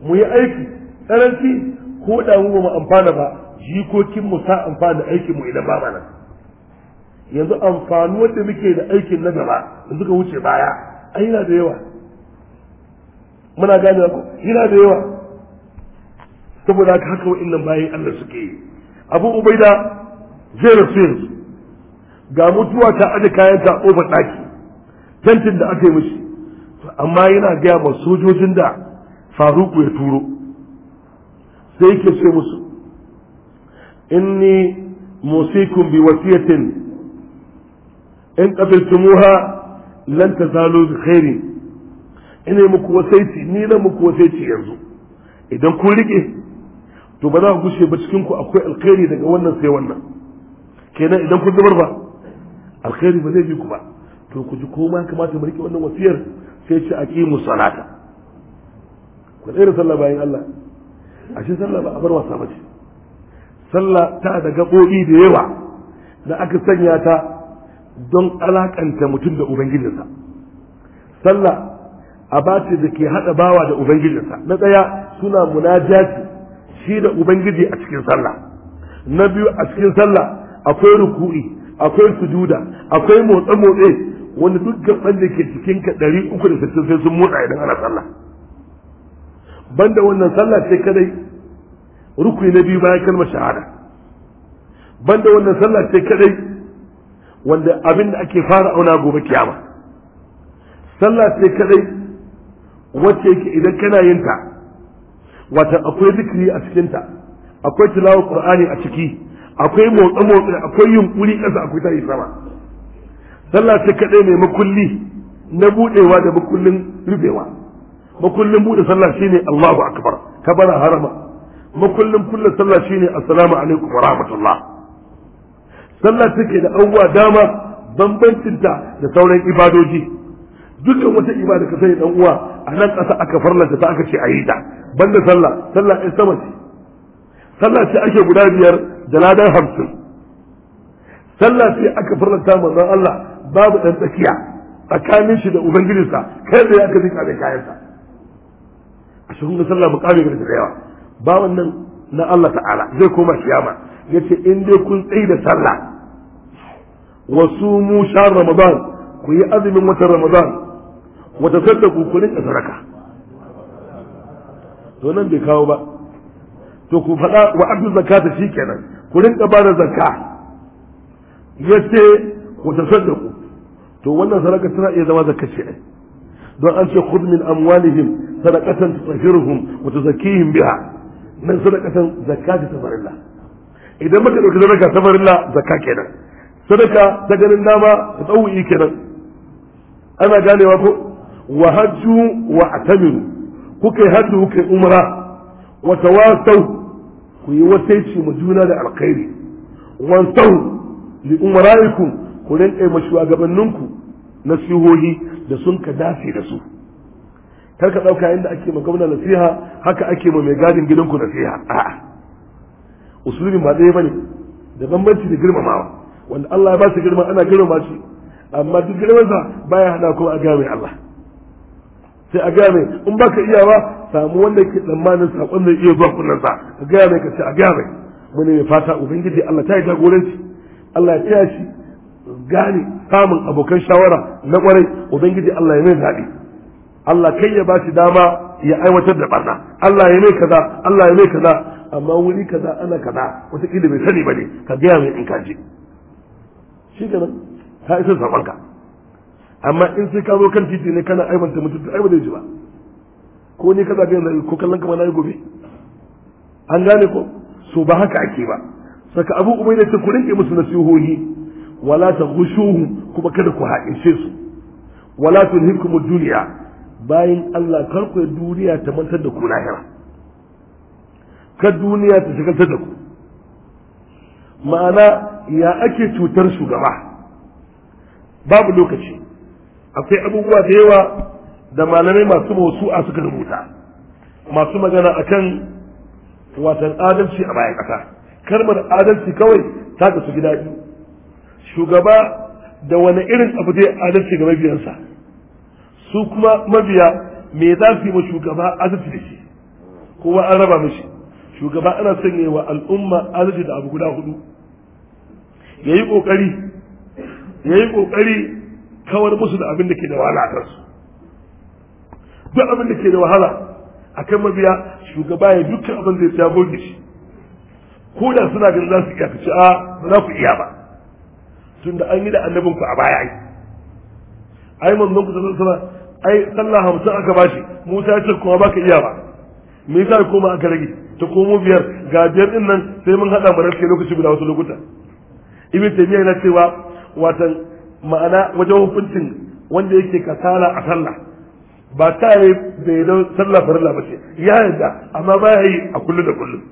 mu yi aiki karanci ko da mu ba mu amfana ba jikokin mu sa amfana aikin mu idan ba ma nan yanzu amfanuwar wanda muke da aikin na gaba yanzu wuce baya ai yana da yawa muna gane ku yana da yawa saboda haka haka wa'annan bayan Allah suke yi abu ubaida zai rasu yanzu ga mutuwa ta aje kayan ta ƙofar ɗaki tentin da aka yi mishi amma yana gaya ma sojojin da faruku ya turo sai yake ce musu inni musikum bi wasiyatin in qabiltumuha lan tazalu bi khairin ina muku wasaiti ni na muku wasaiti yanzu idan kun rike to ba za ku gushe ba cikin ku akwai alkhairi daga wannan sai wannan kenan idan kun zubar ba alkhairi ba zai bi ku ba to ku ji ko ma kamata mu rike wannan wasiyar sai ce aqimu salata ku tsere sallah bayan Allah a ashe sallah ba a bar wasa ba ce sallah ta da gabobi da yawa da aka sanya ta don alakanta mutum da ubangijinsa sallah aba ce da ke hada bawa da ubangijinsa na tsaya suna munajati shi da ubangiji a cikin sallah na biyu a cikin sallah akwai ruku'i akwai sujuda akwai motsa motsa wanda duk gaban da ke cikin ka 360 sai sun motsa idan ana sallah banda wannan sallah sai kadai ruku'i na biyu bayan kalmar shahada banda wannan sallah sai kadai wanda abin da ake fara auna gobe kiyama sallah ce kadai wacce yake idan kana yin ta wata akwai zikiri a cikin ta akwai tilawar qur'ani a ciki akwai motsa motsa akwai yunkuri kasa akwai tayi sama sallah ce kadai mai makulli na budewa da makullin rubewa makullin bude sallah shine Allahu akbar kabara harama makullin kullu sallah shine assalamu alaikum wa rahmatullah sallah take da abubuwa dama ta da sauran ibadoji dukkan wata ibada ka sani dan uwa a nan ƙasa aka farlanta ta aka ce a yi ta banda sallah sallah ɗin sama ce sallah ce ake guda biyar da ladan hamsin sallah ce aka farlanta manzon Allah babu ɗan tsakiya tsakanin shi da ubangijinsa kai da aka zika da kayansa a shugaban da sallah mu kare da yawa ba wannan na Allah ta'ala zai koma kiyama yace in dai kun tsaye da sallah wa sumu shahr ramadan ku yi azumin watan ramadan wa tasaddaqu ku rinka sadaka to nan bai kawo ba to ku faɗa wa abdu zakata kenan ku rinka ba da zakka yace ku tasaddaqu to wannan sadaka tana iya zama zakka ce don an ce khudh min amwalihim sadaqatan tutahhiruhum wa tuzakkihim biha nan sadaqatan zakati tabarilla idan muka ɗauki sadaka ta farilla zakka kenan sadaka ta ganin dama ta tsawo'i kenan ana ganewa ko wa hajju wa atamiru kuka yi hajju kuka yi umra wa tawasau ku yi wataici mu juna da alkhairi wansau li umraikum ku rinka ma na sihohi da sun ka dace da su kar ka ɗauka inda ake ma gwamna nasiha haka ake ma mai gadin gidanku nasiha a'a usulin ba ɗaya ne, da bambanci da girmamawa wanda Allah ya ba shi girma ana girmama shi amma duk girmansa baya hada kuma a gane Allah sai a gane in baka iyawa samu wanda ke tsammanin sakon da iya zuwa kullun sa a gane ka ce a gane ne fata ubangiji Allah ta yi jagoranci Allah ya tsaya shi gane samun abokan shawara na kwarai ubangiji Allah ya mai daɗi Allah kai ya ba shi dama ya aiwatar da barna Allah ya mai kaza Allah ya mai kaza amma wuri kaza ana kaza wata bai sani ba ka gaya min in kaje shi ka nan ta isa ka amma in sai ka zo kan titi ne kana aibanta mutum ai ba zai ji ba ko ni kaza biyan zai ko kallon kama na yi gobe an gane ko so ba haka ake ba saka abu ubai da ta kurin musu nasihohi wala ta gushuhu kuma kada ku ha'ince su wala tunhibkum dunya bayan Allah karku duniya ta mantar da ku lahira ka duniya ta shagaltar da ku ma'ana ya ake cutar shugaba babu lokaci akwai abubuwa da yawa da malamai masu a suka rubuta masu magana akan watan adalci a bayan ƙasa kalmar adalci kawai ta ga su gida shugaba da wani irin abu zai adalci ga mabiyansa su kuma mabiya me za su yi ma shugaba adalci da shi kowa an raba mishi shugaba ana son wa al'umma arziki da abu guda hudu ya yi ƙoƙari ya yi kawar musu da abin da ke da wahala a kansu duk abin da ke da wahala a kan mabiya shugaba ya dukkan abin da ya tsaya goge shi ko da suna ganin za su iya ka ce a ba za ku iya ba tunda an yi da annabin ku a baya ai ai manzon ku sallallahu alaihi wasallam ai sallah hamsin aka bashi Musa ya ce kuma baka iya ba me yasa koma aka rage ta komo biyar ga biyar din nan sai mun hada mu rake lokaci guda wasu lokuta ibn taymiya yana cewa watan ma'ana wajen hukuncin wanda yake kasala a sallah ba ta yi bai da sallah farilla ba ce ya yadda amma ba ya yi a kullu da kullum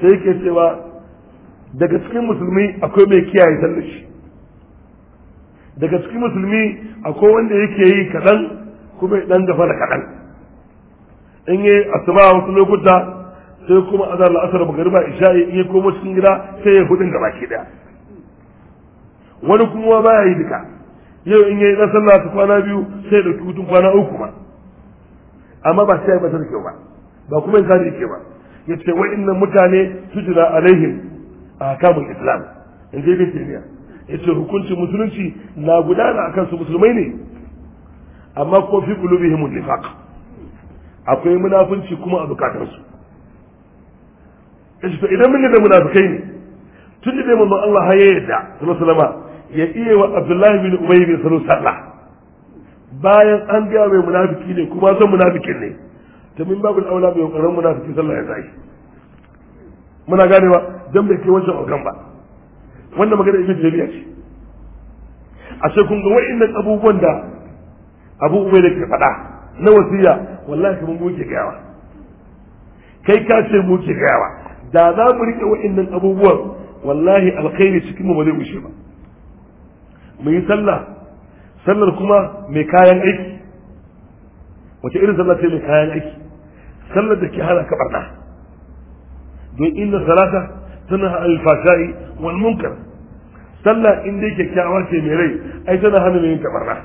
sai yake cewa daga cikin musulmi akwai mai kiyaye sallar shi daga cikin musulmi akwai wanda yake yi kaɗan kuma ya ɗan gafara kaɗan in yi asuba wasu lokuta sai kuma azar la'asar magariba isha'i in yi koma cikin gida sai ya hudun gaba ke da wani kuma ba ya yi duka yau in yi na sallah ta kwana biyu sai da tutun kwana uku ba amma ba sai ba batar ba ba kuma in kare yake ba ya ce wa'innan mutane su jira alaihim a kamun islam in je bin tiriya ya ce hukuncin musulunci na gudana akan su musulmai ne amma ko fi qulubihim nifaq akwai munafunci kuma a zukatansu ya to idan da yadda munafukai ne tun da dai mamman Allah ya yadda salama ya iya wa Abdullahi bin Ubay bin salo sallah bayan an ga mai munafiki ne kuma son munafikin ne ta min babul aula mai kokarin munafiki sallah ya sai muna gane ba don bai ke wancan organ ba wannan magana ibn jami'a ce a sai kun ga wa'annan abubuwan da Abu da ke faɗa na wasiya wallahi kamar muke ke kai ka ce muke ke da za mu rike wa'annan abubuwan wallahi alkhairi cikin mu ba zai wuce ba mu yi sallah sallar kuma mai kayan aiki wace irin sallah ce mai kayan aiki sallar da ke hana ka barna don inda salata tana hana alfashai wal munkar sallah in dai kyakkyawa ce mai rai ai tana hana mai yin ta barna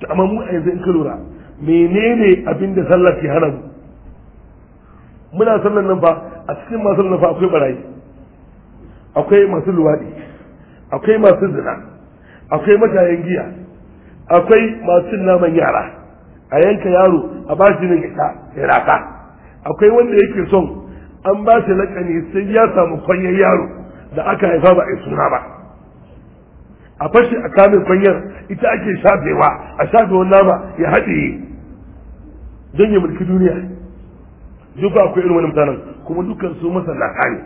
to amma mu a yanzu in ka lura menene abin da sallar ke hana mu muna sallan nan fa a cikin masu nan fa akwai barayi akwai masu luwaɗi akwai masu zina akwai matayen giya akwai masu naman yara a yanka yaro a ba shi ya raka akwai wanda yake son an ba shi lakani sai ya samu kwanyar yaro da aka haifa ba a suna ba a fashe a kamin kwanyar ita ake shafewa a shafewar nama ya haɗe don ya mulki duniya duk akwai irin wani mutanen kuma dukkan su masallata ne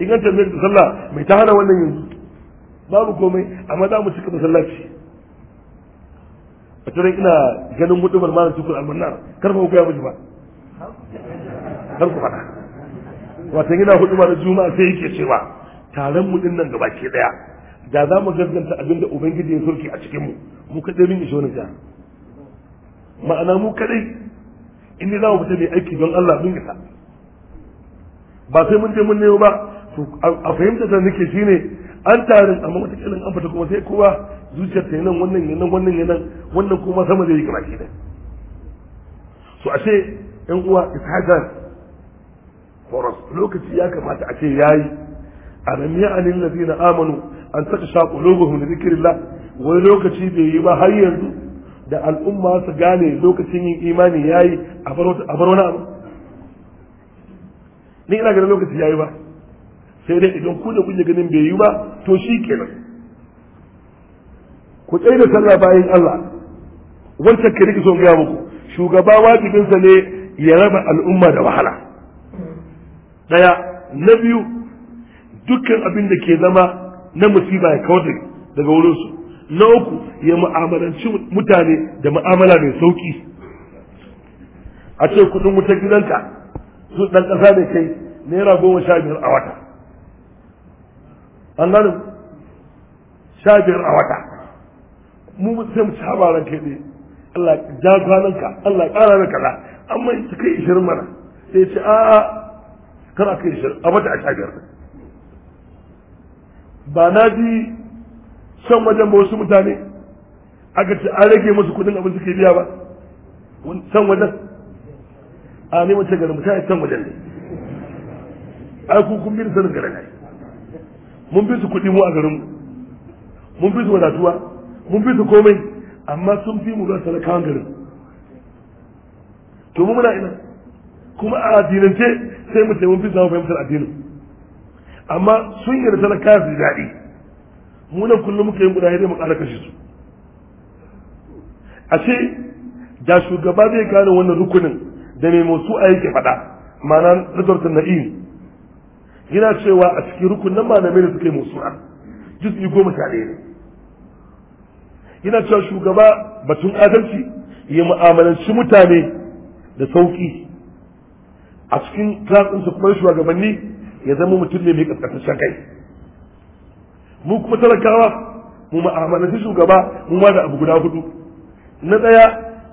inganta an tambayar da sallah mai ta hana wannan yanzu babu komai amma za mu cika masallaci a turai ina ganin mutumar malam tukul almanna karfa ku ya ba karfa ku faɗa wata yana hudu da juma'a sai yake cewa taron mu din nan gaba ke daya da za mu gaskanta abinda ubangiji ya sulki a cikin mu mu kaɗai mun ishe wani ja. ma'ana mu kadai in ni za mu fita mai aiki don Allah mun isa ba sai mun je mun nemo ba to a fahimta da nake shine an tarin amma wata kilin an fita kuma sai kowa zuciyar ta nan wannan nan wannan nan wannan kuma sama zai yi gaba ki so ashe yan uwa ishajar horas lokaci ya kamata a ce ya yi. yayi alam lafi na amanu an shaƙo logo qulubuhum zikirin la, wani lokaci bai yi ba har yanzu da al'umma su gane lokacin yin imani yi a bar wani abu ni ina ganin lokaci yi ba sai dai idan ku da kuke ganin bai yi ba to shi kenan ku tsaye da sallah bayan Allah wancan ka rike son gaya muku shugaba wajibinsa ne ya raba al'umma da wahala daya na biyu dukkan abin da ke zama na musiba ya kawar daga wurinsu na uku ya mu'amalanci mutane da mu'amala mai sauki a ce kudin wutar gidanka su ɗan ƙasa da kai naira goma sha biyar a wata an gano sha biyar a wata mu sai mu saba ran kai ne Allah ja kwananka Allah ƙara maka kaza amma su kai ishirin mana sai ce a'a kar a kai ishirin a wata a sha biyar ba na ji can wajen ba wasu mutane aka ce an rage musu kudin abin suke biya ba can wajen a ne mace garin mutane can wajen ne ai ku kun bi sanin garin ai mun bi su kudi mu a garin mun bi su wadatuwa mun bi su komai amma sun fi mu rasa talakawan garin to mu muna ina kuma a addinance sai mu ce mun fi samu fahimtar addinin amma sun yi da talakawa su daɗi mu kullum muka yi guda ya mu kara kashe su a ce da shugaba zai gane wannan rukunin da mai motsu a yake faɗa ma'ana nazarta na'im yana cewa a cikin rukunin malamai da suka yi motsu a yi goma sha ne yana cewa shugaba batun adalci ya mu'amalanci mutane da sauƙi a cikin kuma shugabanni ya zama mutum ne mai ƙasƙantaccen kai mu kuma talakawa mu ma'amalanci shugaba mu ma da abu guda hudu na ɗaya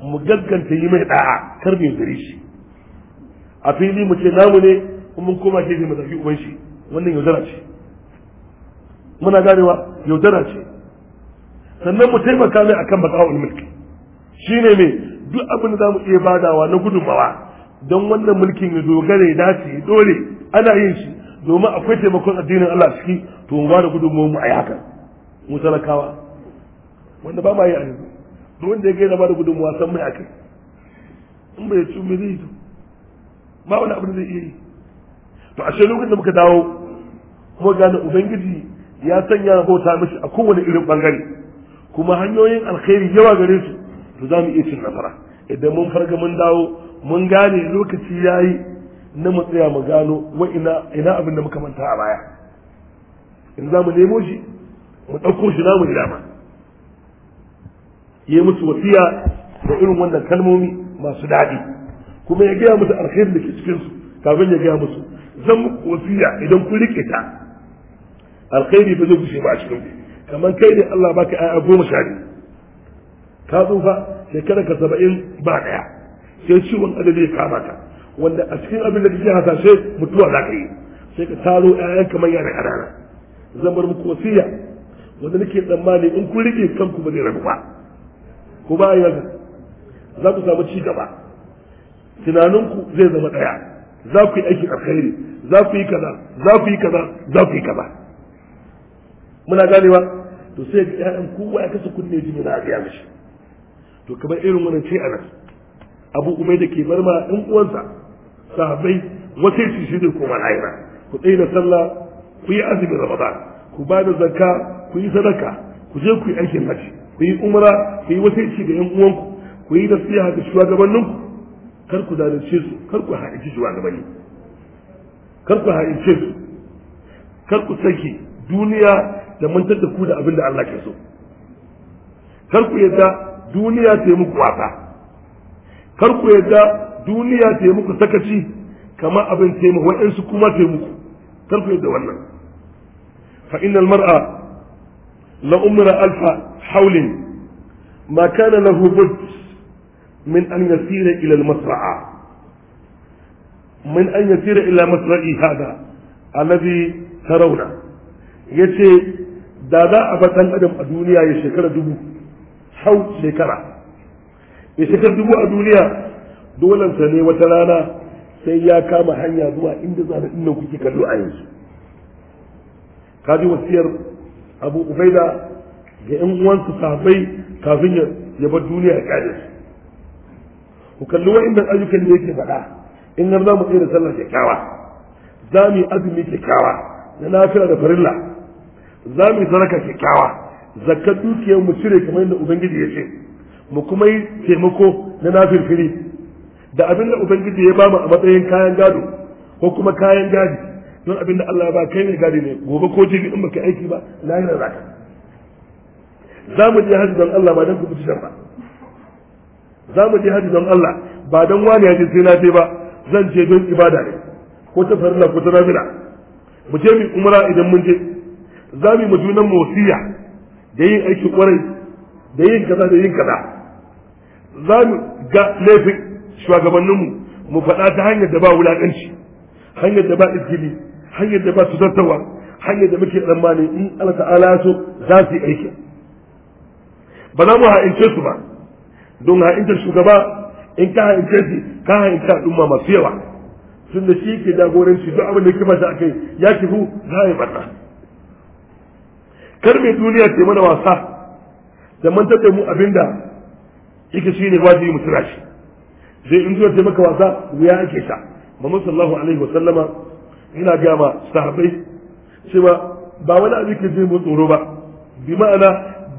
mu gagganta yi mai da'a kar mu gare shi a fili mu ce namu ne kuma mun koma ke mu uban shi wannan yaudara ce muna ganewa yaudara ce sannan mu taimaka mai akan bakawul mulki shine me duk abin da za mu iya badawa na gudunmawa don wannan mulkin ya dogare dace dole ana yin shi domin akwai taimakon addinin Allah ciki to mu ba da gudunmuwar mu a yi haka mu talakawa wanda ba ma yi a yanzu duk wanda ya gaina ba da gudunmuwa san mai akai in bai ci me zai yi ba wani abin zai iya yi to a shirin lokacin da muka dawo kuma gane ubangiji ya sanya bauta mishi a kowane irin bangare kuma hanyoyin alkhairi yawa gare su to za mu iya cin nasara idan mun farga mun dawo mun gane lokaci ya yi na mu tsaya mu gano wa ina ina abin da muka manta a baya in za mu nemo shi mu ɗauko shi namu yi dama? yi musu wasiya da irin wannan kalmomi masu daɗi kuma ya gaya musu alkhairu da ke cikinsu kafin ya gaya musu zan muku wasiya idan kun riƙe ta alkhairi ba zai gushe ba a cikin kamar kai ne Allah baka aya goma sha ka tsufa shekarar ka saba'in ba ɗaya sai ciwon adadi ya kama ka wanda a cikin abin da kake hasashe mutuwa za ka yi sai ka taro 'ya'yan kamar yana ƙanana zamar muku wasiya wanda nake tsammani in kun rike kanku ba zai rabu ba ko ba yi ga? za ku samu ci tunaninku zai zama ɗaya za ku yi aiki alkhairi za ku yi kaza za ku yi kaza za ku yi kaza muna ganewa to sai ga ƴaƴan kowa ya kasa kunne jini na ga mishi to kamar irin wannan ce nan, abu umai da ke barma ɗan uwansa sahabbai wasai shi ne koma lahira ku tsaye da sallah ku yi azumin ramadan ku ba da zakka ku yi sadaka ku je ku yi aikin haji ku yi umra ku yi wasaici ga yan uwanku ku yi nasiha ga ku kar ku zalunce su kar ku haɗe shugabanni kar ku haɗe su kar ku saki duniya da mantar da ku da abin da Allah ke so kar ku yadda duniya ta yi muku wasa kar ku yadda duniya ta yi muku sakaci kamar abin ta yi muku wa'ansu kuma ta yi muku kar ku yadda wannan فإن المرأة لأمر ألف حول ما كان له بد من أن يسير إلى المسرع من أن يسير إلى مسرع هذا الذي ترونه يتي دادا أبدا أدم الدنيا يشكر دبو حول شكرا يشكر دبو الدنيا دولا سنة وتلانا سيا كام حيا دوا إن دزانا إنه كي دعا يسو kaji wasiyar abu ubaida ga yan uwansu sahabbai kafin ya bar duniya ya kare su ku kalli waɗanda ayyukan ne yake faɗa in har za mu tsaye da sallah kyakkyawa za mu yi azumi kyakkyawa na lafiya da farilla za mu yi sadaka kyakkyawa zakka dukiyar mu cire kamar yadda ubangiji ya ce mu kuma yi taimako na fili, da abin da ubangiji ya bamu a matsayin kayan gado ko kuma kayan gadi don abin da Allah ba kai ne gadi ne gobe ko jibi in baka aiki ba lahira za ka za mu je haji don Allah ba don competition ba za mu je haji don Allah ba don wani ya sai na je ba zan je don ibada ne ko ta farilla ko ta nafila mu je mu umra idan mun je za mu yi junan mu da yin aiki kwarai da yin kaza da yin kaza za mu ga laifin shugabanninmu mu faɗa ta hanyar da ba wulaƙanci hanyar da ba izgili hanyar da ba zartawa hanyar da muke tsammani in Allah ta'ala so za su yi aiki ba za mu ha'ince su ba don ha'ince shugaba in ka ha'ince su ka ha'ince al'umma masu yawa sun da shi ke jagoranci duk abin da kifa shi akai ya kifu za a yi barna kar mai duniya ce mana wasa da mantar da mu abin da yake ne wajibi mu tura shi sai in zuwa taimaka wasa wuya ake sa. mamu sallallahu alaihi wa sallama ina ga ma sahabbai cewa ba wani abin ke zai mu tsoro ba bi ma'ana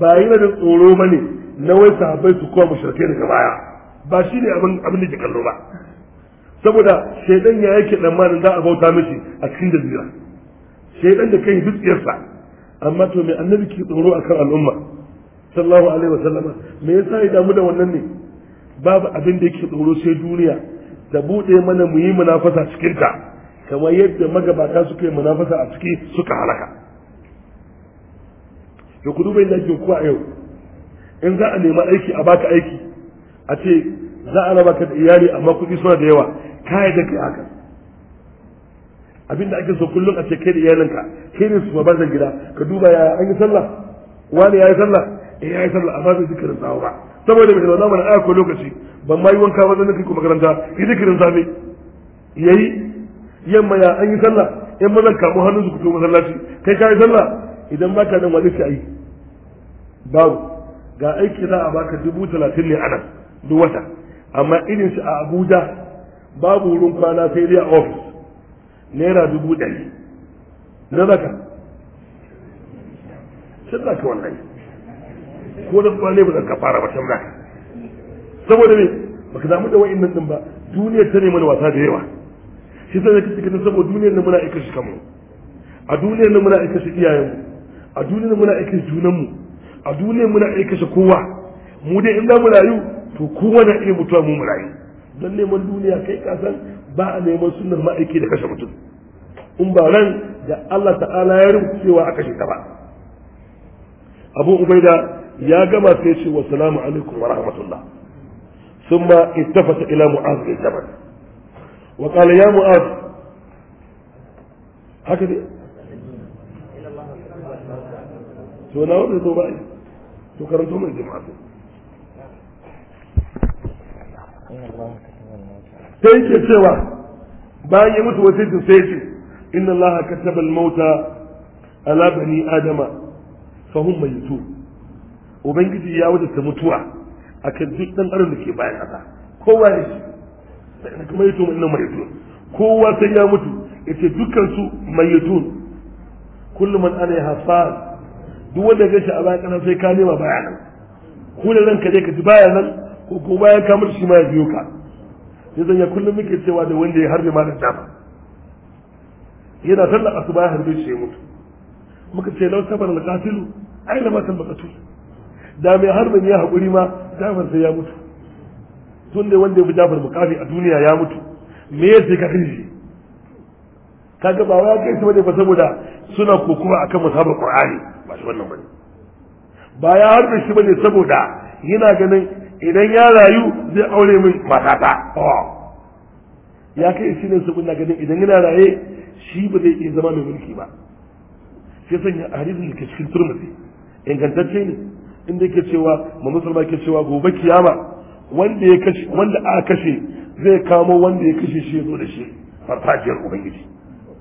ba yana da tsoro bane na wai sahabbai su koma mushrikai daga baya ba shine abin abin da ke kallo ba saboda shaidan ya yake tsammanin za a bauta mishi a cikin jazira shaidan da kai dutsiyarsa amma to mai annabi ke tsoro akan al'umma sallallahu alaihi wasallama me yasa ya damu da wannan ne babu abin da yake tsoro sai duniya da buɗe mana mu yi munafasa ka kamar yadda magabata suka yi munafasa a ciki suka halaka da ku duba yadda ku a yau in za a nema aiki a baka aiki a ce za a raba ka da iyali amma kuɗi suna da yawa ka yi da haka abinda ake so kullum a ce kai da iyalinka kai ne su babban gida ka duba ya an yi sallah wani ya yi sallah eh ya yi sallah amma bai zikirin sawa ba saboda mai zama na aya lokaci ban ma yi wanka ba zan kai ku makaranta yi zikirin safe yayi yamma ya an yi sallah in mazan kamu hannun su ku to masallaci kai ka yi sallah idan ba ka nan wani sai yi babu ga aiki za a baka dubu talatin ne anan duk wata amma irin shi a Abuja babu wurin kwana sai dai a office naira dubu ɗari na zaka sun ka wallahi ko da kwanai ba zan ka fara ba can zaka saboda me baka damu da wa'annan din ba duniyar ta neman wasa da yawa shi sai da kake saboda duniyar nan muna aika shi kanmu a duniyar nan muna aika shi iyayenmu a duniyar muna aika shi mu a duniyar muna aika shi kowa mu dai in za mu rayu to kowa na iya mutuwa mu rayu don neman duniya kai ka san ba a neman sunnar ma'aiki da kashe mutum in ba ran da Allah ta'ala ya rubuta cewa aka shi ta ba abu ubaida ya gama sai ce wa salamu alaikum wa rahmatullah ثم التفت إلى معاذ بن جبل وقال يا معاذ هكذا to na wanda to ba'i to karanto mai jama'a sai ke cewa bayan ya mutu wasu sai ce inna Allah kataba mauta ala adama fa ubangiji ya wajata mutuwa akan duk dan adam da ke bayan kasa kowa ne shi kuma yato mai nan kowa sai ya mutu yace dukkan su yato kullu man alaiha fan duk wanda ya shi a bayan ƙasa sai ka nema bayan nan ko da ranka dai ka ji bayan nan ko ko bayan ka mutu shi ma ya biyo ka sai zan ya kullum muke cewa da wanda ya harbe ma da dama yana sallar su bayan harbe shi ya mutu muka ce lau sabar al-qatilu aina ma san da mai harbin ya haƙuri ma jafar sai ya mutu tun da wanda ya fi jafar bukafi a duniya ya mutu me ya sai ka shi kaga ba wa kai shi bane ba saboda suna kokowa akan musabar qur'ani ba shi wannan bane ba ya harbe shi bane saboda yana ganin idan ya rayu zai aure min matata ya kai shi ne saboda ganin idan yana raye shi ba zai iya zama mai mulki ba sai sanya hadisin da ke cikin turmusi ingantacce ne inda yake cewa ma musulma yake cewa gobe kiyama wanda ya kashe wanda aka kashe zai kamo wanda ya kashe shi ya zo da shi farfajiyar ubangiji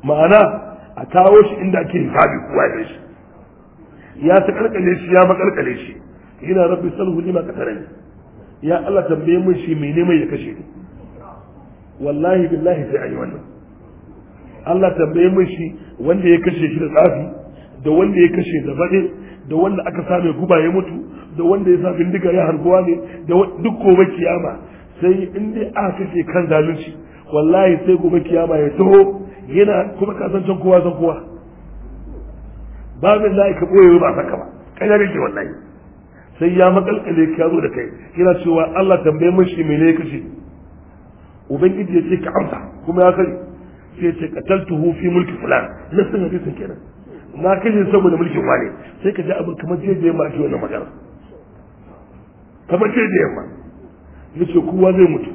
ma'ana a kawo shi inda ake hisabi kowa ya shi ya ta kalkale shi ya makalkale shi ina rabbi salhu lima qatarani ya Allah tambaye mun shi mene mai ya kashe ni wallahi billahi sai ayi wannan Allah tambaye mun shi wanda ya kashe shi da tsafi da wanda ya kashe da bade da wanda aka same guba ya mutu da wanda ya sa bindiga ya harbuwa ne da duk gobe kiyama sai in dai aka kashe kan zalunci wallahi sai gobe kiyama ya taho yana kuma ka san kowa san kowa babin mai ka ɓoye ba saka ba kanyar yake wallahi sai ya makalkale ka zo da kai yana cewa Allah tambaye mun shi mene kashe ubangiji ya ce ka amsa kuma ya kare sai ce qataltuhu fi mulki fulan na san hadisin kenan na kashe saboda mulkin wane sai ka ji abin kamar jeje yamma ake wannan magana kamar jeje yamma ya ce kowa zai mutu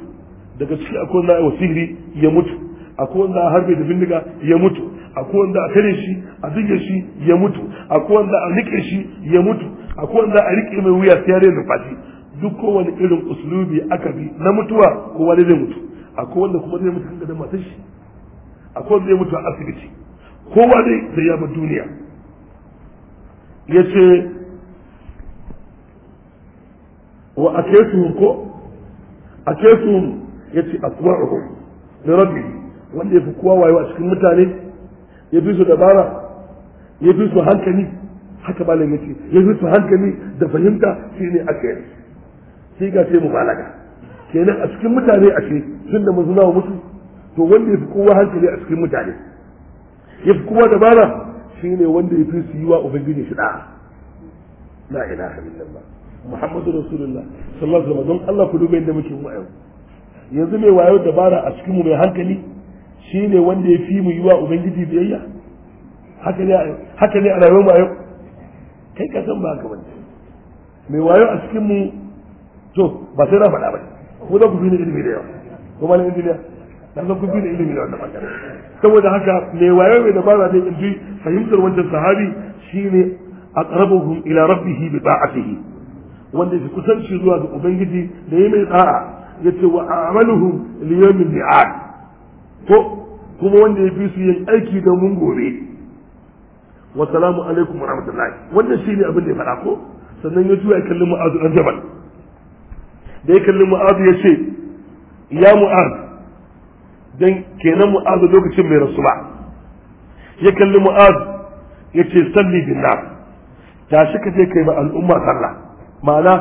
daga ciki akwai wanda a sihiri ya mutu akwai wanda a harbe da bindiga ya mutu akwai wanda a tare shi a zige shi ya mutu akwai wanda a rike shi ya mutu akwai wanda a rike mai wuya sai ya rena fati duk kowane irin usulubi aka bi na mutuwa kowa zai mutu akwai wanda kuma zai mutu kan gadon matar shi akwai wanda zai mutu a asibiti kowa dai sai ya ba duniya yace wa aketuhum ko a yace aswa'uhum da rabbi wanda fi kowa wayewa a cikin mutane ya fi su dabara ya fi su hankali haka ya yace ya fi su hankali da fahimta shine aketu sai ga sai mubalaga kenan a cikin mutane a ashe tunda mun zuna mutu to wanda fi kowa hankali a cikin mutane ya fi da dabara shi ne wanda ya fi su yi wa ubangiji shi da la ilaha illallah muhammadu rasulullah sallallahu alaihi wasallam don Allah ku dubai da muke wayo yanzu mai wayo dabara a cikin mu mai hankali shi ne wanda ya fi mu yi wa ubangiji biyayya haka ne a rayuwar wayo kai ka san ba ka bane mai wayo a cikin mu to ba sai na faɗa ba ko da ku fi ni ilimi da yawa ko malamin duniya dan zan kun ilimi da wannan magana saboda haka mai wayo mai dabara ne in ji fahimtar wancan sahabi shine aqrabuhum ila rabbih bi ta'atihi wanda ya kusanci zuwa ga ubangiji da yayi mai da'a yace wa a'maluhum li yawmil mi'ad to kuma wanda ya fi su yin aiki da mun gobe wa salamu alaikum wa rahmatullahi wannan shine abin da ya fara ko sannan ya juya kallon mu'azu dan jabal da ya kalli mu'azu ya ce ya mu mu'azu dan kenan mu'az lokacin bai rasu ba ya kalli mu'az ya ce salli bin nar tashi ka kai ba al'umma sallah ma'ana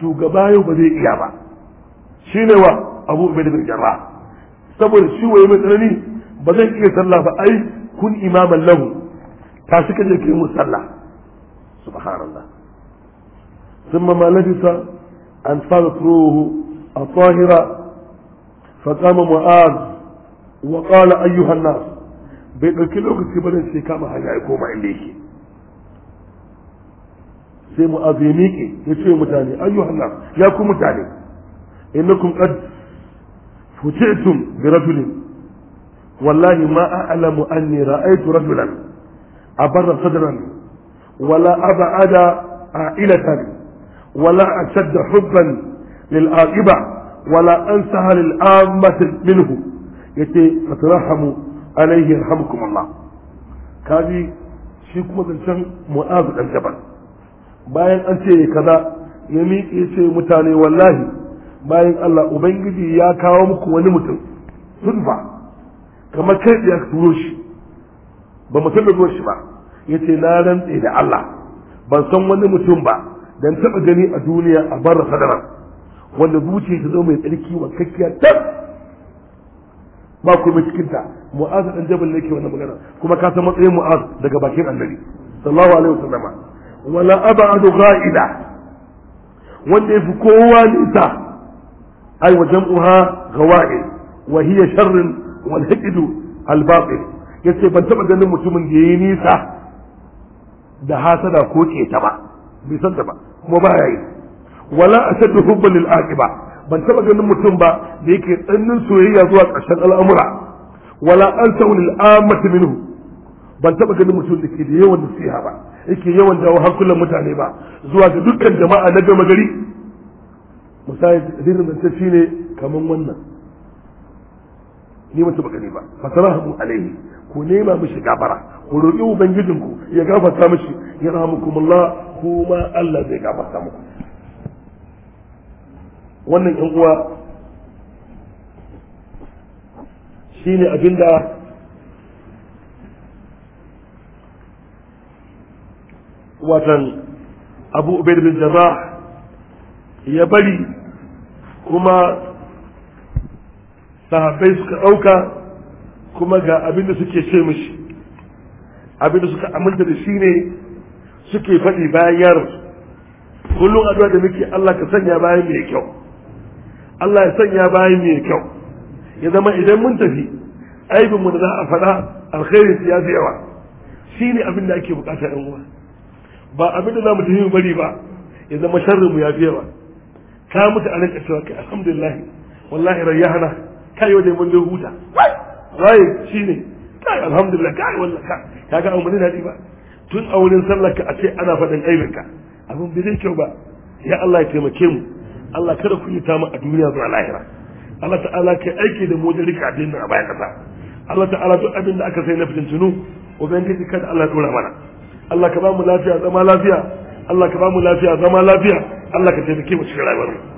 shugaba yau ba zai iya ba shine wa abu ubaida bin jarra saboda shi waye mai tsanani ba zan iya sallah ba ai kun imaman lahu tashi ka kai mu sallah subhanallah ثم ما لبث أن فاضت روحه الطاهرة فقام معاذ wa qala ayyuhan nas bai dauki lokaci ba sai kama hanya ya koma inda yake sai mu azumi ke ya ce mutane ayyuhan nas ya ku mutane innakum qad futitum bi rajulin wallahi ma a'lamu anni ra'aytu rajulan abarra sadran wala ab'ada a'ilatan wala ashadda hubban lil a'iba wala ansaha lil ammati minhu yace fatrahamu alaihi yarhamukum Allah kaji shi kuma zancen mu'azu dan jabal bayan an ce kaza ya miƙe ya ce mutane wallahi bayan Allah ubangiji ya kawo muku wani mutum sunfa kamar kai ya turo shi ba mu san da shi ba yace na rantse da Allah ban san wani mutum ba dan taba gani a duniya a barra sadara wanda zuciya ta zo mai tsarki wa kakkiya tab ba ku cikin ta mu'az dan jabal ne yake wannan magana kuma ka san matsayin mu'az daga bakin annabi sallallahu alaihi wasallama wala abadu ghaida wanda yafi kowa nisa ai wa jam'uha ghawaid wa hiya sharrun wal hiqdu al batil yace ban taba ganin mutumin da yayi nisa da hasada ko keta ba bai san ta ba kuma ba yayi wala ashaddu hubban lil aqiba ban taba ganin mutum ba da yake tsannin soyayya zuwa ƙarshen al'amura wala an taunil amata minhu ban taba ganin mutum da ke da yawan nasiha ba yake yawan dawo hankulan mutane ba zuwa ga dukkan jama'a na gama gari misali zirin da tafi ne kaman wannan ni mutum gani ba fasarahu alaihi ku nema mishi gafara ku roƙi ubangijinku ya gafarta mishi ya rahmukumullah kuma Allah zai gafarta muku wannan yan uwa shine abinda watan abu ubaid bin jarrah ya bari kuma sahabbai suka ɗauka kuma ga abin da suke ce mishi abin da suka aminta da shi ne suke faɗi bayan yar. kullum addu'a da muke Allah ka sanya bayan mai kyau Allah ya sanya bayi mai kyau ya zama idan mun tafi aibin mu da za a faɗa alkhairin ya fi yawa shine abin da ake bukata ɗan uwa ba abin da za mu tafi bari ba ya zama sharrinmu mu ya fi yawa ka mutu a rinka cewa kai alhamdulillah wallahi ka kai wajen mun da huta waye shine kai alhamdulillah kai wallahi ka ga abu ne ba tun a wurin sallar ka a ce ana faɗin aibinka abin bai zai kyau ba ya Allah ya taimake mu Allah kada ku yi ta mu a duniya zuwa lahira Allah ta'ala kai aiki da mu da rika addinin a bayan kasa Allah ta'ala duk abin da aka sai na fitintunu ubangiji kada Allah dora mana Allah ka ba mu lafiya zama lafiya Allah ka ba mu lafiya zama lafiya Allah ka taimake mu cikin rayuwar mu